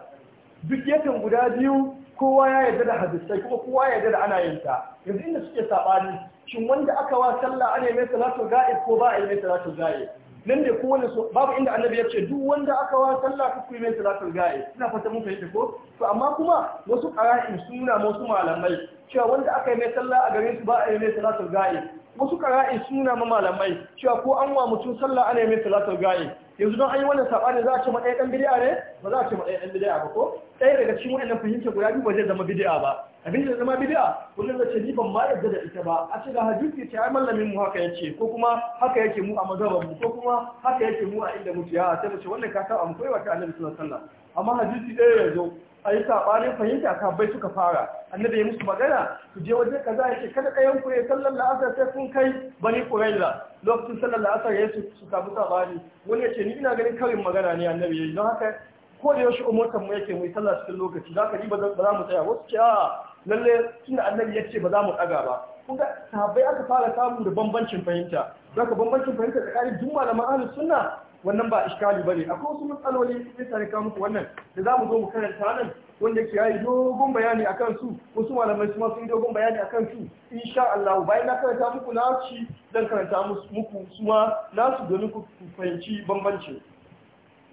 duk yakan guda biyu kowa ya yarda da hadisai kuma kowa ya yarda da ana yin ta yanzu inda suke sabani shin wanda aka wa sallah ana yi mai salatul ga'ib ko ba a yi mai salatul ga'ib nan da kowane so babu inda annabi ya ce duk wanda aka wa sallah ka kuma mai salatul ga'i ina fata mun fahimta ko to amma kuma wasu qara'in suna wasu malamai cewa wanda aka yi mai sallah a garin su ba a yi mai salatul gaye wasu qara'in suna ma malamai cewa ko an wa mutum sallah ana yi mai salatul gaye yanzu don an yi wannan saɓani za a ce maɗaya ɗan bidi'a ne ba za a ce maɗaya ɗan bidi'a ba ko ɗaya daga cikin wannan fahimtar guda biyu ba zai zama bidi'a ba abin da zama bidi'a wannan zai ce ni ban ma yarda da ita ba a ce da hadisi ce ai mallamin mu haka yace ko kuma haka yake mu a mazhaban mu ko kuma haka yake mu a inda mu ya sai mu ce wannan ka saba mu koyewa ta annabi sallallahu alaihi wasallam amma hadisi ɗaya yanzu a yi saɓanin fahimta kabai suka fara annabi ya musu magana su je waje kaza ya ce kada kayan ku ya sallan la'asar sai kun kai bani kurella lokacin sallar la'asar ya su su samu sabani wani ya ce ni ina ganin karin magana ne annabi ya yi don haka ko da yaushe umurtan mu yake mu yi sallah cikin lokaci za ka ji ba za mu tsaya wasu ce a lalle da annabi ya ce ba za mu ɗaga ba kun ga sahabbai aka fara samu da bambancin fahimta za ka bambancin fahimta tsakanin duk malaman ahli sunna wannan ba iskali bane akwai wasu matsaloli sai tare ka muku wannan da za mu zo mu karanta nan wanda ke yi dogon bayani a kansu, wasu malamai su sun dogon bayani a kansu. insha Allah bayan na karanta muku na ci zan karanta muku kuma nasu domin ku fahimci bambancin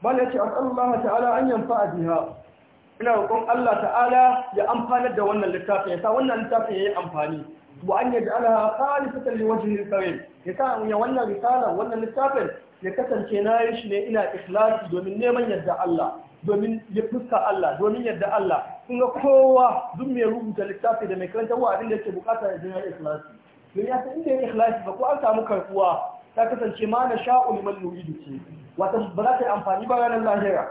bala yace Allah ta'ala an yanfa'a biha ina roƙon Allah ta'ala ya amfanar da wannan littafin ya sa wannan littafin yi amfani wa an yaj'alaha khalisatan liwajhil karim ya sa wannan risala wannan littafin ya kasance na yi shi ne ina ikhlasi domin neman yadda Allah domin ya fuska Allah domin yadda Allah kun ga kowa duk mai rubuta littafi da mai karanta wa abin da yake bukata ya jinar ikhlasi don ya san inda ya ikhlasi ba ko an samu karbuwa ta kasance ma na sha'u liman nuridu ce wata ba za ta yi amfani ba ranar lahira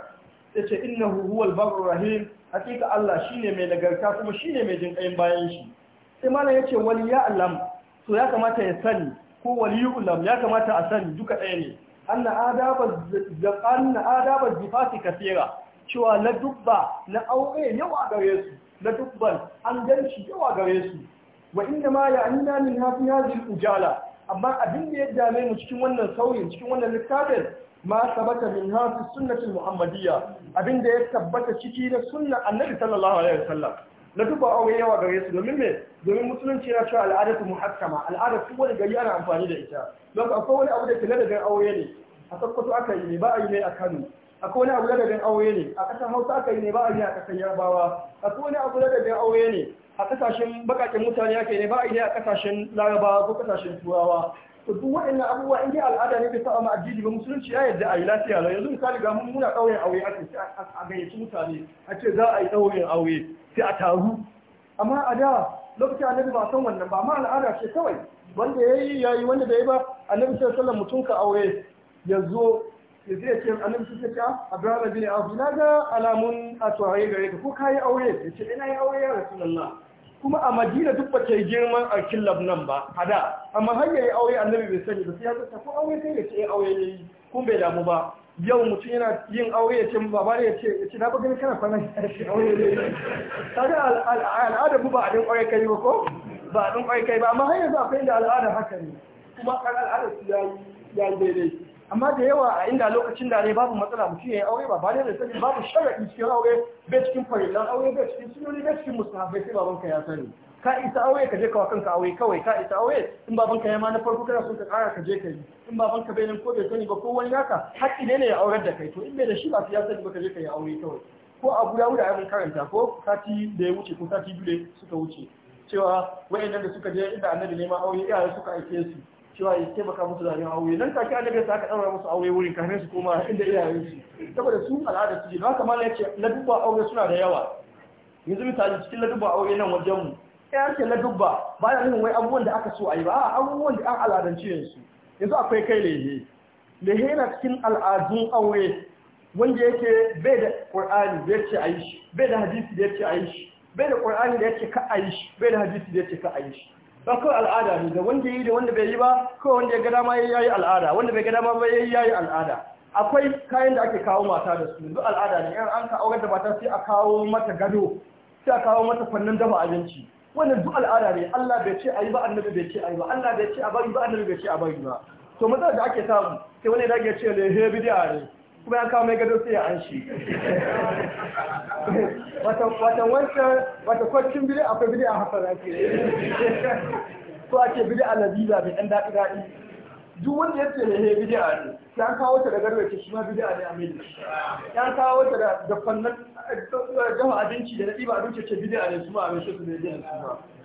ya ce innahu huwal barur rahim hakika Allah shine mai nagarta kuma shine mai jin kayan bayan shi sai malam ya ce wali ya alam to ya kamata ya sani ko wali ulam ya kamata a sani duka ɗaya ne anna adaba anna adaba zifati cewa na dubba na aure yawa gare su na dubban an ganci yawa gare su wa inda ma ya anina min hafi hazil ujala amma abin da ya dame mu cikin wannan sauyin cikin wannan littafin ma sabata min hafi sunnatul muhammadiyya abin da ya tabbata ciki na sunna annabi sallallahu alaihi wasallam na dubba aure yawa gare su domin me domin musulunci yana cewa al'adatu muhakkama al'adatu wani gari ana amfani da ita don akwai wani abu da ke na aure ne a sakkwato aka yi ne ba a yi ne a kano akwai wani abu ladabin aure ne a kasar hausa aka yi ne ba a yi a kasar yarbawa akwai wani abu ladabin aure ne a ƙasashen baƙaƙen mutane ake ne ba a yi a kasashen larabawa ko kasashen turawa to duk waɗannan abubuwa in dai al'ada ne bai saba ma addini ba musulunci ya yadda a yi lafiya lau yanzu misali ga mun muna ɗaurin aure ake a gayyaci mutane a ce za a yi ɗaurin aure sai a taru amma a da a annabi ba san wannan ba amma al'ada ce kawai wanda ya yi ya yi wanda bai ba annabi sai sallan ka aure ya zo zai ce annabi su ta ah, Abdurrahman bin bi na ga alamun a tsoraye gare ka ko kayi aure ya ce ina yi aure ya Rasulullah kuma a Madina duk ba yi girman a killab nan ba a da amma har yayi aure annabi bai sani ba sai ya zata ko aure sai ya ce aure ne kun bai damu ba yau mutum yana yin aure ya ce ba ne ya ce ya ce na bugun kana fana aure ne ga al'ada ba a din aure kai ba ko ba a din aure kai ba amma har yanzu akwai da al'ada haka ne kuma kan al'ada su yayi yayi daidai amma da yawa a inda lokacin da ne babu matsala mutum ya yi aure ba bane da sani babu sharaɗi cikin aure bai cikin farillan aure bai cikin sunoni bai cikin musulmai sai babanka ya sani ka isa aure ka je kawakan ka aure kawai ka isa aure in babanka ya ma na farko kana son ka kara ka je ka yi in babanka bai nan ko bai sani ba ko wani naka haƙƙi ne ne ya aurar da kai to in bai da shi ba su ya sani ba ka je ka yi aure kawai ko abu ya wuce a karanta ko sati da ya wuce ko sati biyu da suka wuce cewa wayannan da suka je inda annabi ne ma aure iyaye suka aike su cewa ya taimaka musu da yin aure nan take annabi sa aka daura musu aure wurin kafin su koma inda iyayen su saboda su al'ada su ji haka mallan yace ladubba aure suna da yawa yanzu misali cikin ladubba aure nan wajen mu ya ce ladubba ba ya nufin wai abubuwan da aka so a yi ba a abubuwan da an al'adance yanzu yanzu akwai kai lehe lehe na cikin al'adun aure wanda yake bai da qur'ani da yace a yi shi bai da hadisi da yace a yi shi bai da qur'ani da yace ka a yi shi bai da hadisi da yace ka a shi ba kawai al'ada ne da wanda yi da wanda bai yi ba kawai wanda ya gada ma ya yi al'ada wanda bai gada ma ba ya yi al'ada akwai kayan da ake kawo mata da su duk al'ada ne yan an ka aurar da mata sai a kawo mata gado sai a kawo mata fannin dafa abinci wannan duk al'ada ne Allah bai ce ayi ba annabi bai ce ayi ba Allah bai ce a bari ba annabi bai ce a bari ba to matsalar da ake samu sai wani da ya ce lehe bid'a ne kuma ya kawo mai gado sai ya an shi watan wancan wata kwacin bili akwai bili a hafa za ke ko ake bili a labiza mai ɗan daɗi daɗi duk wanda ya ce da ya bili a ne ya kawo ta da garwace shi ma bili a ne a mai ya kawo ta da dafannan dafa abinci da na ba abinci ce bili a ne su ma a mai shi su ne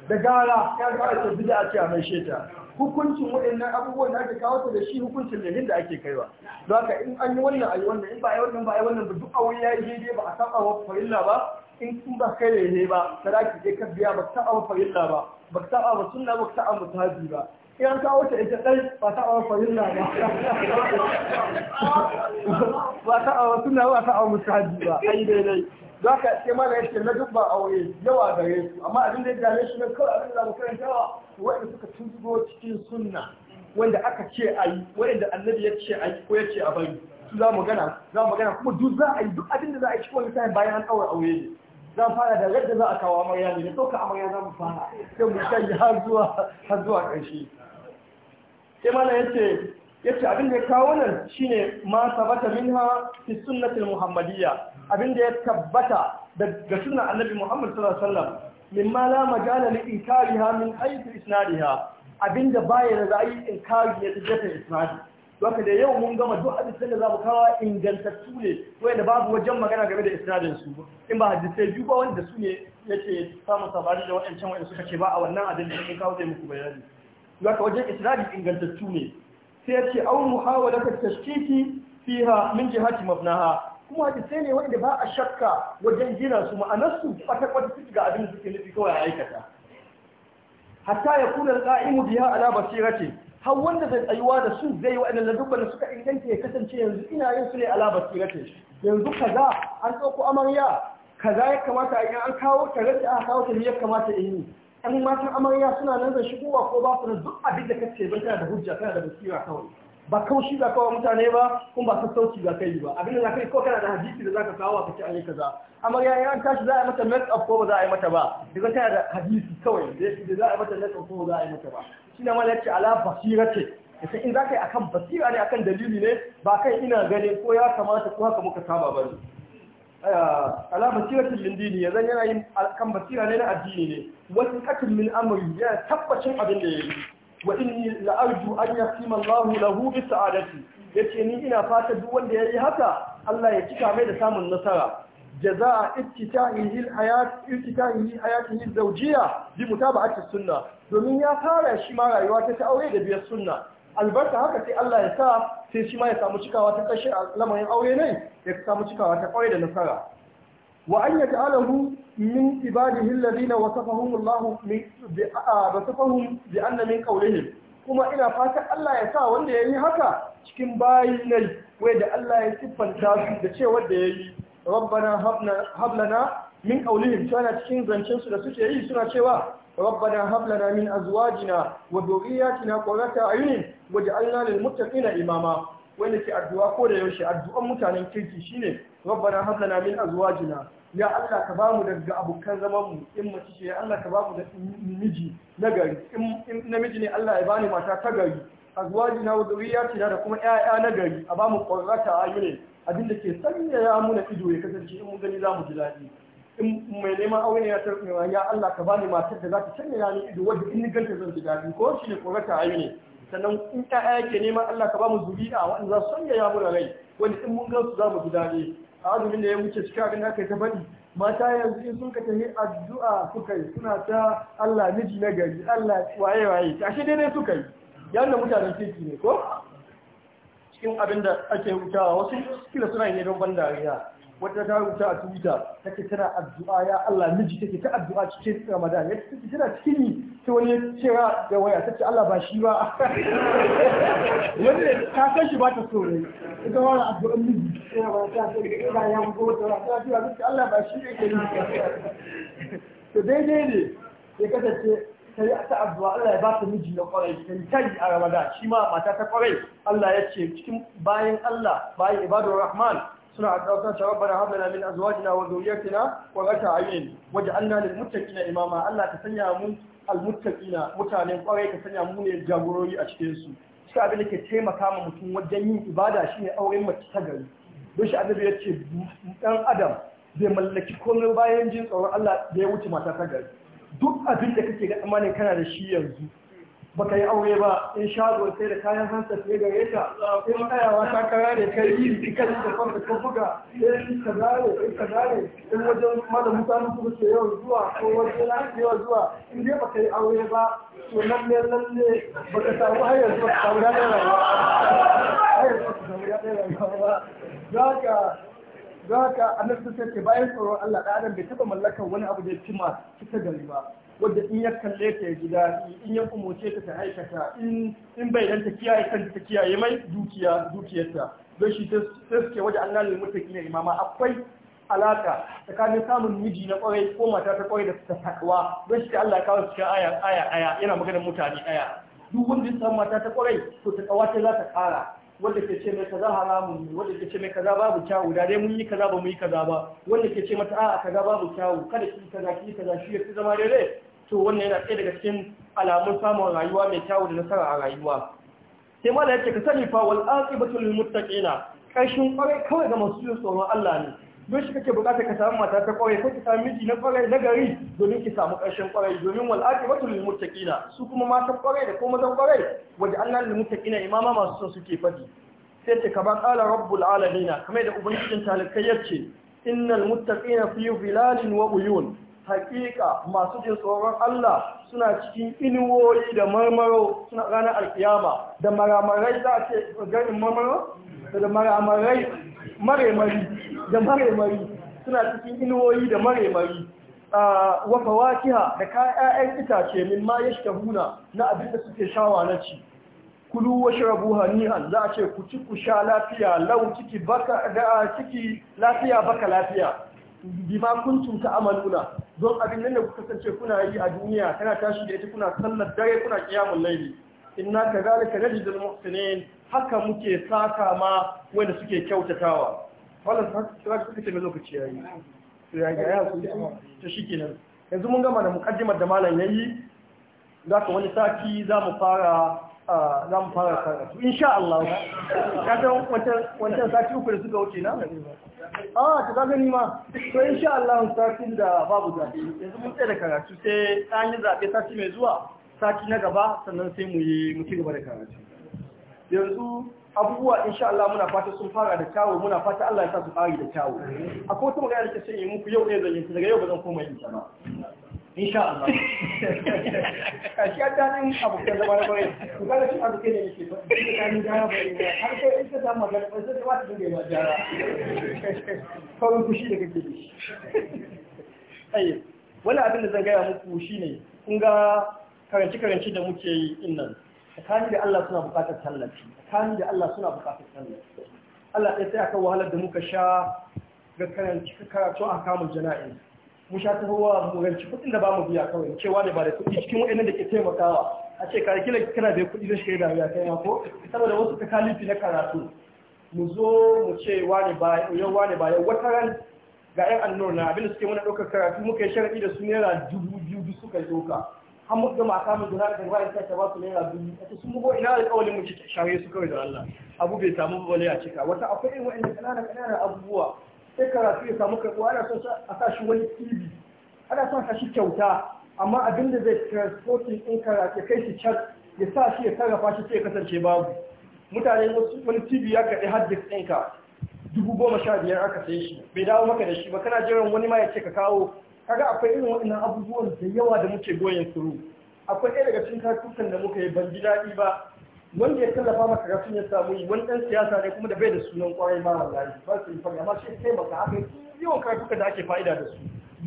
da gara ya kawo ta bili a ce a mai sheta hukuncin waɗannan abubuwan da aka kawo su da shi hukuncin lahin da ake kaiwa don haka in an yi wannan a yi wannan in ba a yi wannan ba a yi wannan ba duk awon ya yi daidai ba a saba wa farilla ba in kun ba kai lahin ba sadaki je ka biya ba saba wa farilla ba ba saba wa sunna ba saba wa tabi ba in an kawo ta ita ɗai ba saba wa farilla ba ba saba wa sunna ba saba wa tabi ba ai daidai za ka ma mana yake na duk ba aure yawa gare su amma abin da ya gane shi ne kawai abin da mu karantawa waɗanda suka tuntubo cikin sunna wanda aka ce a yi waɗanda annabi ya ce a yi ko ya ce a bari su za mu gana za mu gana kuma duk za a yi duk abin da za a yi cikin wani bayan an ɗaura aure ne za mu fara da yadda za a kawo amarya ne da ɗauka amarya za mu fara sai mu canji har zuwa har zuwa ƙarshe sai mana yace yace abin da ya kawo nan shine ma sabata ha fi sunnatin muhammadiyya abin da ya tabbata daga sunnar annabi muhammad sallallahu alaihi wasallam mimma la majala li inkariha min haythu isnadiha abinda baya da zai inkari ya ta isnadi doka da yau mun gama duk hadisin da zamu kawo ingantattu ne wanda babu wajen magana game da isnadin su in ba hadisai biyu ba wanda su ne yace samun sabani da waɗancan wanda suka ce ba a wannan adin da mun kawo zai muku bayani doka wajen isnadi ingantattu ne sai yace au muhawalatu tashkiki fiha min jihati mabnaha kuma hadisai ne wanda ba a shakka wajen gina su ma'anarsu kwata-kwata su ga abin da suke nufi kawai a aikata hatta ya kuna alƙa'imu biya ala basirati har wanda zai tsayuwa da su zai yi waɗannan da suka inganta ya kasance yanzu ina yin su ne ala ce. yanzu kaza an ɗauko amarya kaza ya kamata a yi an kawo ta rage a kawo ta ya kamata in yi an matan amarya suna nan shigowa ko ba su da duk abin da kace ban tana da hujja tana da basira kawai ba kaushi za kawo mutane ba kuma ba sassauci za kai yi ba abinda za ka yi ko kana da hadisi da za ka kawo ka ci an yi kaza amma ya yi an tashi za a yi mata make up ko ba za a yi mata ba idan tana da hadisi kawai da za a yi mata make up ko ba za a yi mata ba shi ne mana yace ala basira ce yace in za ka yi akan basira ne akan dalili ne ba kai ina gani ko ya kamata ko haka muka saba ba ne ala basiratin min dini yanzu yana yin kan basira ne na addini ne wasu katin min amri yana tabbacin abin da ya yi wa inni arju an yaqima Allah lahu bi sa'adati yace ni ina fata duk wanda yayi haka Allah ya cika mai da samun nasara jaza'a ittitahihi al hayaki ittitahihi hayatihi zawjiyya bi mutaba'ati sunna domin ya fara shi ma rayuwa ta ta aure da biyar sunna albarka haka sai Allah ya sa sai shi ma ya samu cikawa ta kashe lamarin aure ne ya samu cikawa ta aure da nasara وأن يجعله من عباده الذين وصفهم الله وصفهم بأن من قولهم kuma ina fatan Allah ya sa wanda ya yi haka cikin bayin nai wai da Allah ya siffanta su da cewar da ya yi rabbana hablana min qaulihim tana cikin zancen su da suke yi suna cewa rabbana hablana min azwajina wa dhurriyyatina qurrata ayunin waj'alna lil muttaqina imama wanda ke addu'a ko da yaushe addu'an mutanen kirki shine rabbana hab lana min azwajina ya Allah ka bamu daga abokan zaman mu in mace ce ya Allah ka bamu da miji na gari in namiji ne Allah ya bani mata ta gari azwajina wa dhurriyyatina da kuma 'ya'ya na gari a bamu qurrata ayune abinda ke sanyaya mu na ido ya kasance in mun gani za mu ji daɗi in mai neman aure ya tarbiya ya Allah ka bani matar da za ta ya ni ido wanda in ni ganta zan ji daɗi ko shi ne qurrata ayune sannan in ƴaƴa yake neman Allah ka ba mu zuri'a wanda za su sanya ya mura rai wani in mun gansu za mu ji daɗi a azumin da ya muke cikin abin da aka ta faɗi mata yanzu in sun ka tafi addu'a suka yi suna ta Allah miji na gari Allah waye waye Ta ashe daidai suka yi yanda mutanen kirki ne ko cikin abin da ake hutawa wasu kila suna yi ne don ban dariya wata ta rubuta a twitter take tana addu'a ya Allah miji take ta addu'a cikin ramadan ya take tana cikin ni sai wani ya cira da waya tace Allah ba shi ba wani ta san shi ba ta so ne ita wani addu'a miji sai ba ta so ina ya go ta ta ce Allah ba shi yake ni to daidai ne ya kasance ta yi ta addu'a Allah ya ba ta miji na kwarai ta yi a ramadan shi ma mata ta kwarai Allah ya ce cikin bayan Allah bayan ibadur rahman suna addu'a ta rabbana hab lana min azwajina wa dhurriyyatina Waje, an waj'alna lil muttaqina imama Allah ta sanya mu al muttaqina mutanen kwarai ka sanya mu ne jagorori a cikin su shi abin da ke taimaka ma mutum wajen yin ibada shine auren mace ta gari don shi annabi ya ce ɗan adam bai mallaki komai bayan jin tsoron Allah da ya wuce mata ta gari duk abin da kake ga tsammanin kana da shi yanzu baka yi aure ba in shago sai da kayan hansa sai gare ka in tsayawa ta kara da kai yi dukkan da farka ka buga sai ka zare in ka zare in wajen malam mutane su ke yawan zuwa ko wajen yawan zuwa in dai baka yi aure ba to lalle lalle baka samu hanyar zuwa ka samu daɗin rayuwa hanyar zuwa ka samu daɗin rayuwa ba za ka za ka a nan sai ce bayan tsoron Allah da adam bai taɓa mallakar wani abu da ya cima cika gari ba wadda in ya kalle ta ya ji in ya umarce ta ta aikata in bai dan ta kiyaye kan ta kiyaye mai dukiya dukiyarta don shi ta suke waje an lalata mutaki na imama akwai alaka tsakanin samun miji na kwarai ko mata ta kwarai da ta takwa don shi Allah ya kawo cikin aya aya yana magana mutane aya duk wanda ya samu mata ta kwarai to ta ta za ta kara wanda ke ce mai kaza haramun ne wanda ke ce mai kaza babu kyawu da dai mun yi kaza ba mu yi kaza ba wanda ke ce mata a'a kaza babu kyawu kada ki kaza ki kaza shi ya fi zama daidai to wannan yana ɗaya daga cikin alamun samun rayuwa mai kyawu da nasara a rayuwa sai mala yake ka sani fa wal aqibatu lil muttaqina kashin kwarai kawai ga masu yin tsoron Allah ne don shi kake bukata ka samu mata ta kwarai ko ki samu miji na kwarai na gari domin ki samu karshen kwarai domin wal aqibatu lil muttaqina su kuma matan kwarai da kuma mazan kwarai Waje Allah lil muttaqina imama masu son suke fadi sai ce kaba qala rabbul alamin kamar da ubangijin talakai yace innal muttaqina fi zilalin wa uyun haƙiƙa masu jin tsoron Allah suna cikin inuwoyi da marmaro suna ranar alkiyama da maramarai za a ce ganin marmaro da maramarai maremari da maremari suna cikin inuwoyi da maremari wa kiha da kayan itace min ma huna na abin da suke shawa na ci kulu wa shirabu hani'an za a ce ku ci ku sha lafiya lau ciki baka da ciki lafiya baka lafiya bima kuntum amaluna don abin nan da kuka kasance kuna yi a duniya kana tashi da ita kuna sallar dare kuna kiyamun laili inna kadhalika najidul muhsinin haka muke saka ma wanda suke kyautatawa wannan sai suka ce mai lokaci yayi to ya ga ya ku ta shikenan yanzu mun gama da mukaddimar da malam yayi zaka wani sati za mu fara za mu fara karatu insha Allah ka san wancan sati uku da suka wuce na ah to ka gani ma to insha Allah satin da babu zabe yanzu mun tsaya da karatu sai an yi zabe sati mai zuwa sati na gaba sannan sai mu yi mu ci gaba da karatu yanzu abubuwa insha Allah muna fata sun fara da kyawu muna fata Allah ya sa su fari da kyawu akwai wata magana da ke son yi muku yau ne zan yi daga yau ba zan koma yin ta ba insha Allah kashi adanin abokan zama na bare ku da shi abu kai da yake ba da kan gara bare har sai in ka samu magana ba sai ba ta dinga yawa jara kawai kushi da kake shi ayi wani abin da zan gaya muku shine kun ga karanci karanci da muke yi din nan tsakani da Allah suna bukatar tallafi tsakani da Allah suna bukatar tallafi Allah ya tsaya kan wahalar da muka sha ga karanci karatu a kamun jana'in mu sha ruwa mu ranci kuɗin da ba mu biya kawai cewa da ba da kuɗi cikin waɗannan da ke taimakawa a ce ka kila kana da kuɗi da shaida ya kai ya ko saboda wasu ta kalifi na karatu mu zo mu ce wani ba yau wani ba yau wata ran ga yan annor na abinda suke mana ɗaukar karatu muka yi sharaɗi da su naira dubu biyu duk suka yi ɗauka har mu gama kamun mu jira da ta ta ba su naira dubu a su bugo ina da kawalin mu ci shawaye su kawai da Allah abu bai samu bale a cika wata akwai irin waɗannan ƙananan ƙananan abubuwa sai karatu ya samu karɓuwa ana son a sa shi wani tv ana son a shi kyauta amma abin da zai transporting in karatu ya kai shi chat ya sa shi ya sarrafa shi sai ya kasance babu mutane wani tv ya karɓi hard disk ɗinka dubu goma sha biyar aka sai shi bai dawo maka da shi ba kana jiran wani ma ya ce ka kawo kaga akwai irin waɗannan abubuwan da yawa da muke goyon suru akwai ɗaya daga cikin kartukan da muka yi ban ji daɗi ba wanda ya tallafa maka ya samu yi wani ɗan siyasa ne kuma da bai da sunan kwarai a wallahi ba su yi fari amma shi kai maka haka yawan karfuka da ake fa'ida da su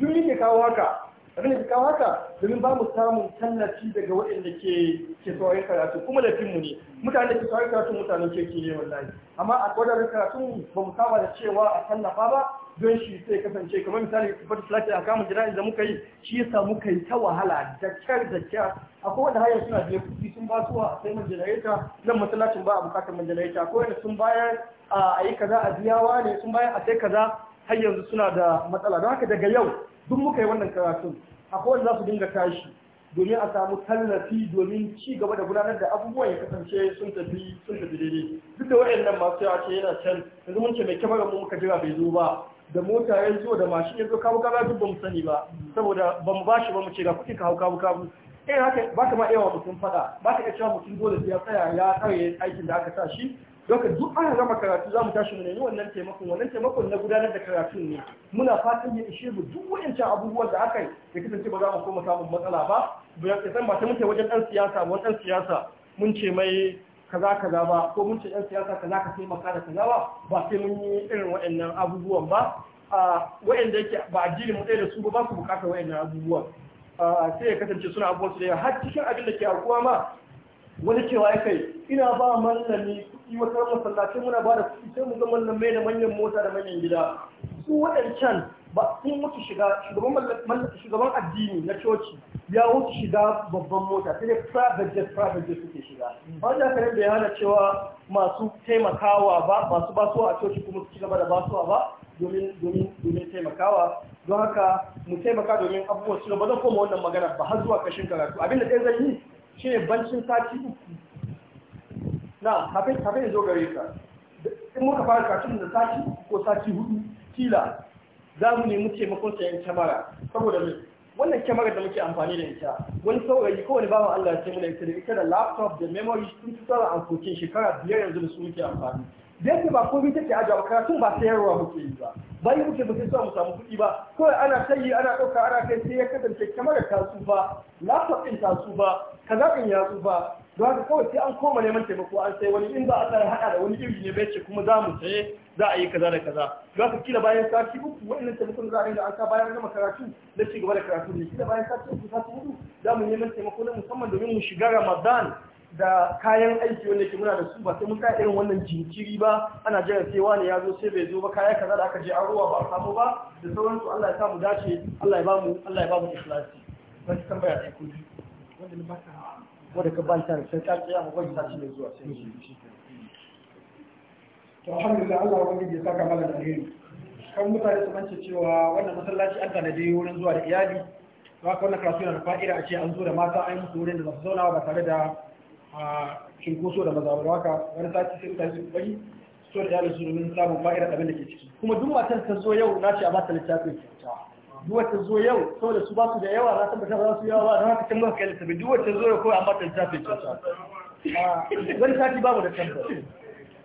duk ne kawo haka abin da kawo haka domin ba mu samun tallafi daga waɗanda ke ke karatu kuma da mu ne mutane da ke saurin karatu mutanen ke ne wallahi amma a gwadarin karatu ba mu saba da cewa a tallafa ba don shi sai kasance kamar misali kufar filati a kamun jira'i da muka yi shi yasa muka yi ta wahala da kyar da kyar akwai wanda hayar suna biya kuɗi sun ba suwa a sai majalaitar nan masallacin ba a bukatar majalaitar ko wanda sun bayar a yi kaza a biyawa ne sun bayar a sai kaza har yanzu suna da matsala don haka daga yau duk muka yi wannan karatun akwai wanda za su dinga tashi domin a samu tallafi domin ci gaba da gudanar da abubuwan ya kasance sun tafi sun tafi daidai duk da wayannan masu yawa ce yana can yanzu mun ce mai kyamarar mu muka jira bai zo ba da mota ya zo da mashin ya zo kabu kabu duk ba mu sani ba saboda ba mu bashi ba mu ce ga kuɗi ka hau kabu kabu eh haka ba ka ma yawa mutum faɗa ba ka cewa mutum dole sai ya tsaya ya tsare aikin da aka sa shi Doka duk aka gama karatu za mu tashi mu nemi wannan taimakon wannan taimakon na gudanar da karatu ne muna fatan ya ishe mu duk wayancan abubuwan da aka yi ya kasance ba za mu koma samun matsala ba ba ya san ba ta muke wajen ɗan siyasa wani ɗan siyasa mun ce mai kaza kaza ba ko mun ce ɗan siyasa kaza ka taimaka da kaza ba ba sai mun yi irin waɗannan abubuwan ba waɗanda yake ba mu ɗaya da su ba ba su buƙatar waɗannan abubuwan sai ya kasance suna abubuwan su da yawa har cikin abin da ke aukuwa ma wani cewa ya kai ina ba mallami kuɗi wata sai muna ba da kuɗi sai mu ga mallamai da manyan mota da manyan gida su waɗancan ba sun mutu shiga shugaban addini na coci ya wuce shiga babban mota sai ne private jet private jet suke shiga mm. wanda aka da bayan hana cewa masu taimakawa ba masu basuwa a coci kuma su cigaba da basuwa ba domin taimakawa don haka mu taimaka domin abubuwa su ba zan koma wannan magana ba har zuwa kashin karatu abin da ɗaya zan yi shine bancin sati uku na kafin kafin zo gare ka in muka fara karatun da sati uku ko sati hudu kila za mu nemi taimakon sayan kyamara saboda mai wannan kyamara da muke amfani da ita wani saurayi ko wani bawan Allah ya ce mana ita da ita da laptop da memory sun fi tsara amfokin shekara biyar yanzu da su muke amfani da yake ba komai take ajawa karatun ba sayarwa muke yi ba bayi muke ba sai sa mu samu kuɗi ba kawai ana sayi ana ɗauka ana kai sai ya kasance kyamara ta tsufa laptop ɗin ta su tsufa kaza ɗin ya ba don haka kawai sai an koma neman taimako an sai wani in ba a tsara haɗa da wani iri ne bai ce kuma za mu saye za a yi kaza da kaza za ka kila bayan sati uku wa'annan taimakon za a rinda an ka bayan gama karatu da ci gaba da karatu ne kila bayan sati uku sati hudu za mu neman taimako na musamman domin mu shiga ramadan da kayan aiki wanda ke muna da su ba sai mun kai irin wannan jinkiri ba ana jira sai wani ya zo sai bai zo ba kaya kaza da aka je an ruwa ba a samu ba da sauransu Allah ya sa mu dace Allah ya ba mu Allah ya ba mu ikhlasi ban tambaya sai ku wanda ne ba ka wanda ka ba ta sai ka tsaya mu ta shi mai zuwa sai mu shi to alhamdulillah Allah ya wani ya saka malam alheri kan mutane su mance cewa wannan masallaci an dai wurin zuwa da iyali to haka wannan karatu yana da fa'ida a ce an zo da mata an yi musu wurin da za su zauna ba tare da cinkoso da maza ba haka wani sati sai mutane su bari so da iyalin su domin samun fa'ida abin da ke ciki kuma duk matan ta zo yau na ce a mata littafin kyakkyawa duk wata zo yau da su ba su da yawa na tabbata ba za su yawa don haka can ba ka yi littafi duk wata zo yau kawai an ba ta littafin kyakkyawa wani sati babu da tabbata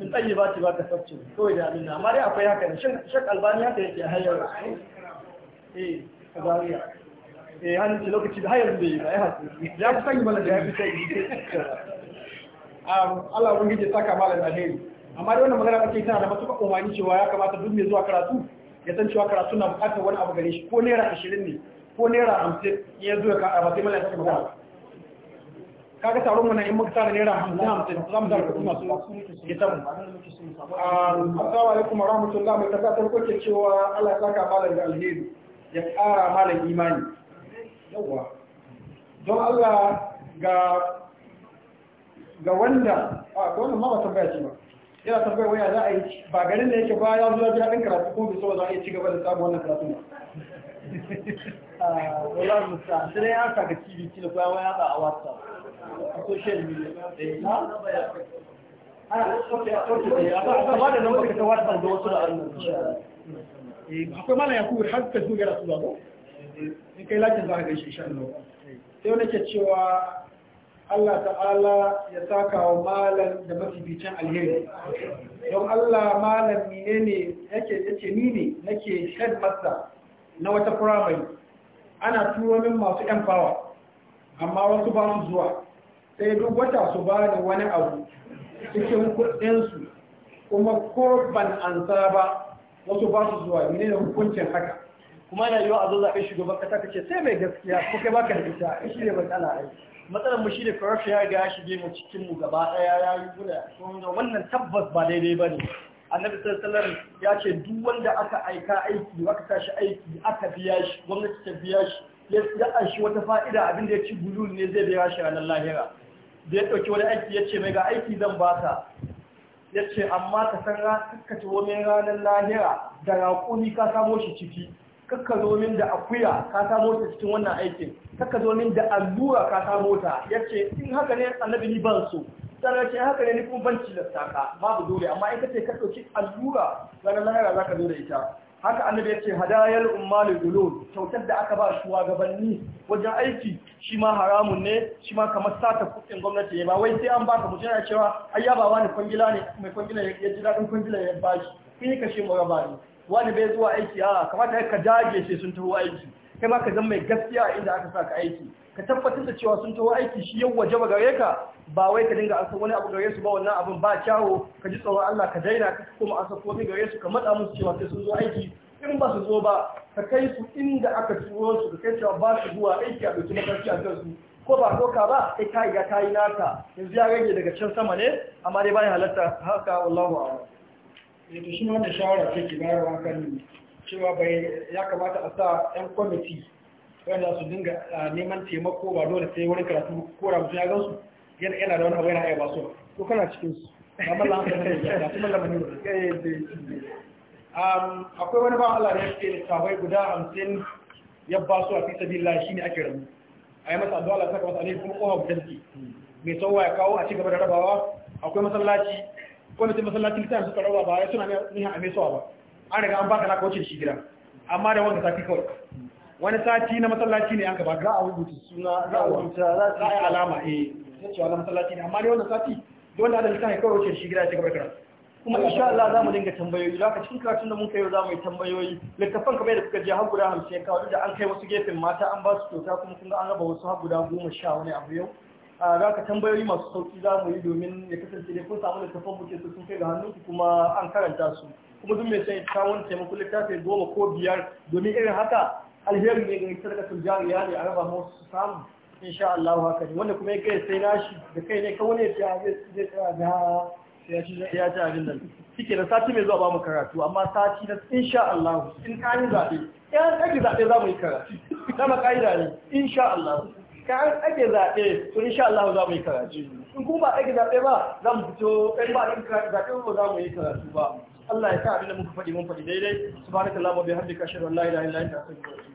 in tsayi ba ta baka sabcin kawai da amina amma dai akwai haka ne shak albani ta yake a hayar eh a zariya eh hannun lokaci da hayar da yi ba ya hasu ya fi sanyi mana da um, ya fi sanyi Allah wani gije saka malam alheri amma dai wannan magana ake tana da matuƙa umarni cewa ya kamata duk mai zuwa karatu ya san cewa karatu na buƙatar wani abu gare shi ko naira ashirin ne ko naira hamsin ya zo ya ka a matsayin malam ya saka magana kaga taron mana in muka tara naira hamsin za mu tara kuɗi masu gitan ah, assalamu alaikum wa rahmatullah mai tabbata farko ke cewa Allah ya saka malam da alheri ya ƙara malam imani yawa don Allah ga ga wanda ah, a wannan ma ba tambaya ce ba yana tambayar waya za a yi ba garin da yake ba ya zuwa jiraɗin karatu kuma bisa za a yi cigaba da samun wannan karatu ba. Ah, Wala musa, sai dai ya saka TV kila ko ya waya ba a WhatsApp. social media a ba da zama akwai mana ya kuwa har ka zuwa rasu ba in kai lakin za ka gaishe sha Allah sai wani ke cewa Allah ta'ala ya saka wa malam da mafificin alheri don Allah malam ne ne yake yace ni ne nake head master na wata primary ana turo min masu yan amma wasu ba su zuwa sai duk wata su ba da wani abu cikin kudinsu kuma ko ban an ba wasu ba su zuwa ne da hukuncin haka kuma na yiwa a zo zaɓe shugaban ƙasa ka ce sai mai gaskiya ko kai baka da ita shi ne matsala ai matsalar mu shine corruption ya ga shi mu cikin mu gaba daya ya yi gura wannan tabbas ba daidai ba ne. annabi sallallahu ya ce duk wanda aka aika aiki aka tashi aiki aka biya shi gwamnati ta biya shi ya shi wata fa'ida abinda ya ci gudu ne zai biya shi ranar lahira da ya ɗauki wani aiki ya ce mai ga aiki zan bata ya ce amma ka san ka wani ranar lahira da raƙuni ka samo shi ciki kakka zo da akuya ka samo ta cikin wannan aikin kakka zo da allura ka samo ta ya ce in haka ne annabi ni ban so sannan ce haka ne ni kuma ban cilasta ka babu dole amma in ka ce ka ɗauki allura ranar lahira za ka zo da ita haka annabi ya ce hadayar ummal gulul kyautar da aka ba shugabanni wajen aiki shi ma haramun ne shi ma kamar sata kuɗin gwamnati ne ba wai sai an baka mutum yana cewa ai ya ba wani kwangila ne mai kwangila ya ji daɗin kwangila ya ba shi kun yi kashe mura ba ne wani bai zuwa aiki a kamata ka dage shi sun taho aiki kai ma ka zama mai gaskiya inda aka saka aiki ka tabbatar da cewa sun taho aiki shi yau waje ba gare ka ba wai ka dinga an wani abu gare su ba wannan abin ba kyawo ka ji tsoron Allah ka daina ka kuma an sako gare su ka matsa musu cewa sai sun zo aiki in ba su zo ba ka kai su inda aka turo su ka kai cewa ba su zuwa aiki a ɗauki makarci a su ko ba ka ba sai ka iya ka yi naka yanzu ya rage daga can sama ne amma dai bayan halarta haka wallahu a'lam eh, to shi wannan shawara ce ki bayarwa kan cewa bai ya kamata a sa yan kwamiti wanda su dinga ah, neman taimako ba dole sai wurin karatu ko rabu ya gansu yana yana da wani abu yana iya basu ko kana cikin su ba mallan haka ne da kuma lamarin um akwai wani ba Allah da yake sabai guda 50 ya basu a fi sabilillah shine ake rabu a masa addu'a Allah saka masa alaihi kuma kowa gudanki mai tsawo ya kawo a ci gaba da rabawa akwai masallaci gwamnatin masallacin ta suka raba ba ya suna nihin a mesuwa ba an riga an baka na kauce shi gida amma da wanda ta fi kawai wani sati na masallaci ne an gaba za a rubuta suna za a rubuta za a yi alama eh, a yi cewa na masallaci ne amma ne wannan sati don da adalci kai kawai wuce shi gida ya ci gaba karatu kuma insha Allah za mu dinga tambayoyi za ka cikin karatun da mun kai za mu yi tambayoyi littafan kamar yadda kuka je har guda 50 kawai da an kai wasu gefen mata an ba su kyauta kuma kun ga an raba wasu har guda sha wani abu yau za ka tambayoyi masu sauki za mu yi domin ya kasance ne kun samu littafan muke su sun kai ga hannunku kuma an karanta su kuma duk mai sai ta wani taimako littafi goma ko biyar domin irin haka alheri ne ga ita daga jariya ne a raba musu samu insha Allah haka ne wanda kuma ya kai sai nashi da kai ne kawai ne ya zai tsaya da ya ci abin nan shike na sati mai zuwa ba mu karatu amma sati na insha Allah in ka yi zaɓe ya ake zaɓe za mu yi karatu dama ka'ida ne insha Allah ka an ake zaɓe to insha Allah za mu yi karatu in kuma ba ake zaɓe ba za mu fito ɗan ba ɗin zaɓe ba za mu yi karatu ba Allah ya sa abin da muka faɗi mun faɗi daidai subhanakallahumma bihamdika ashhadu an la ilaha illa anta astaghfiruka wa atubu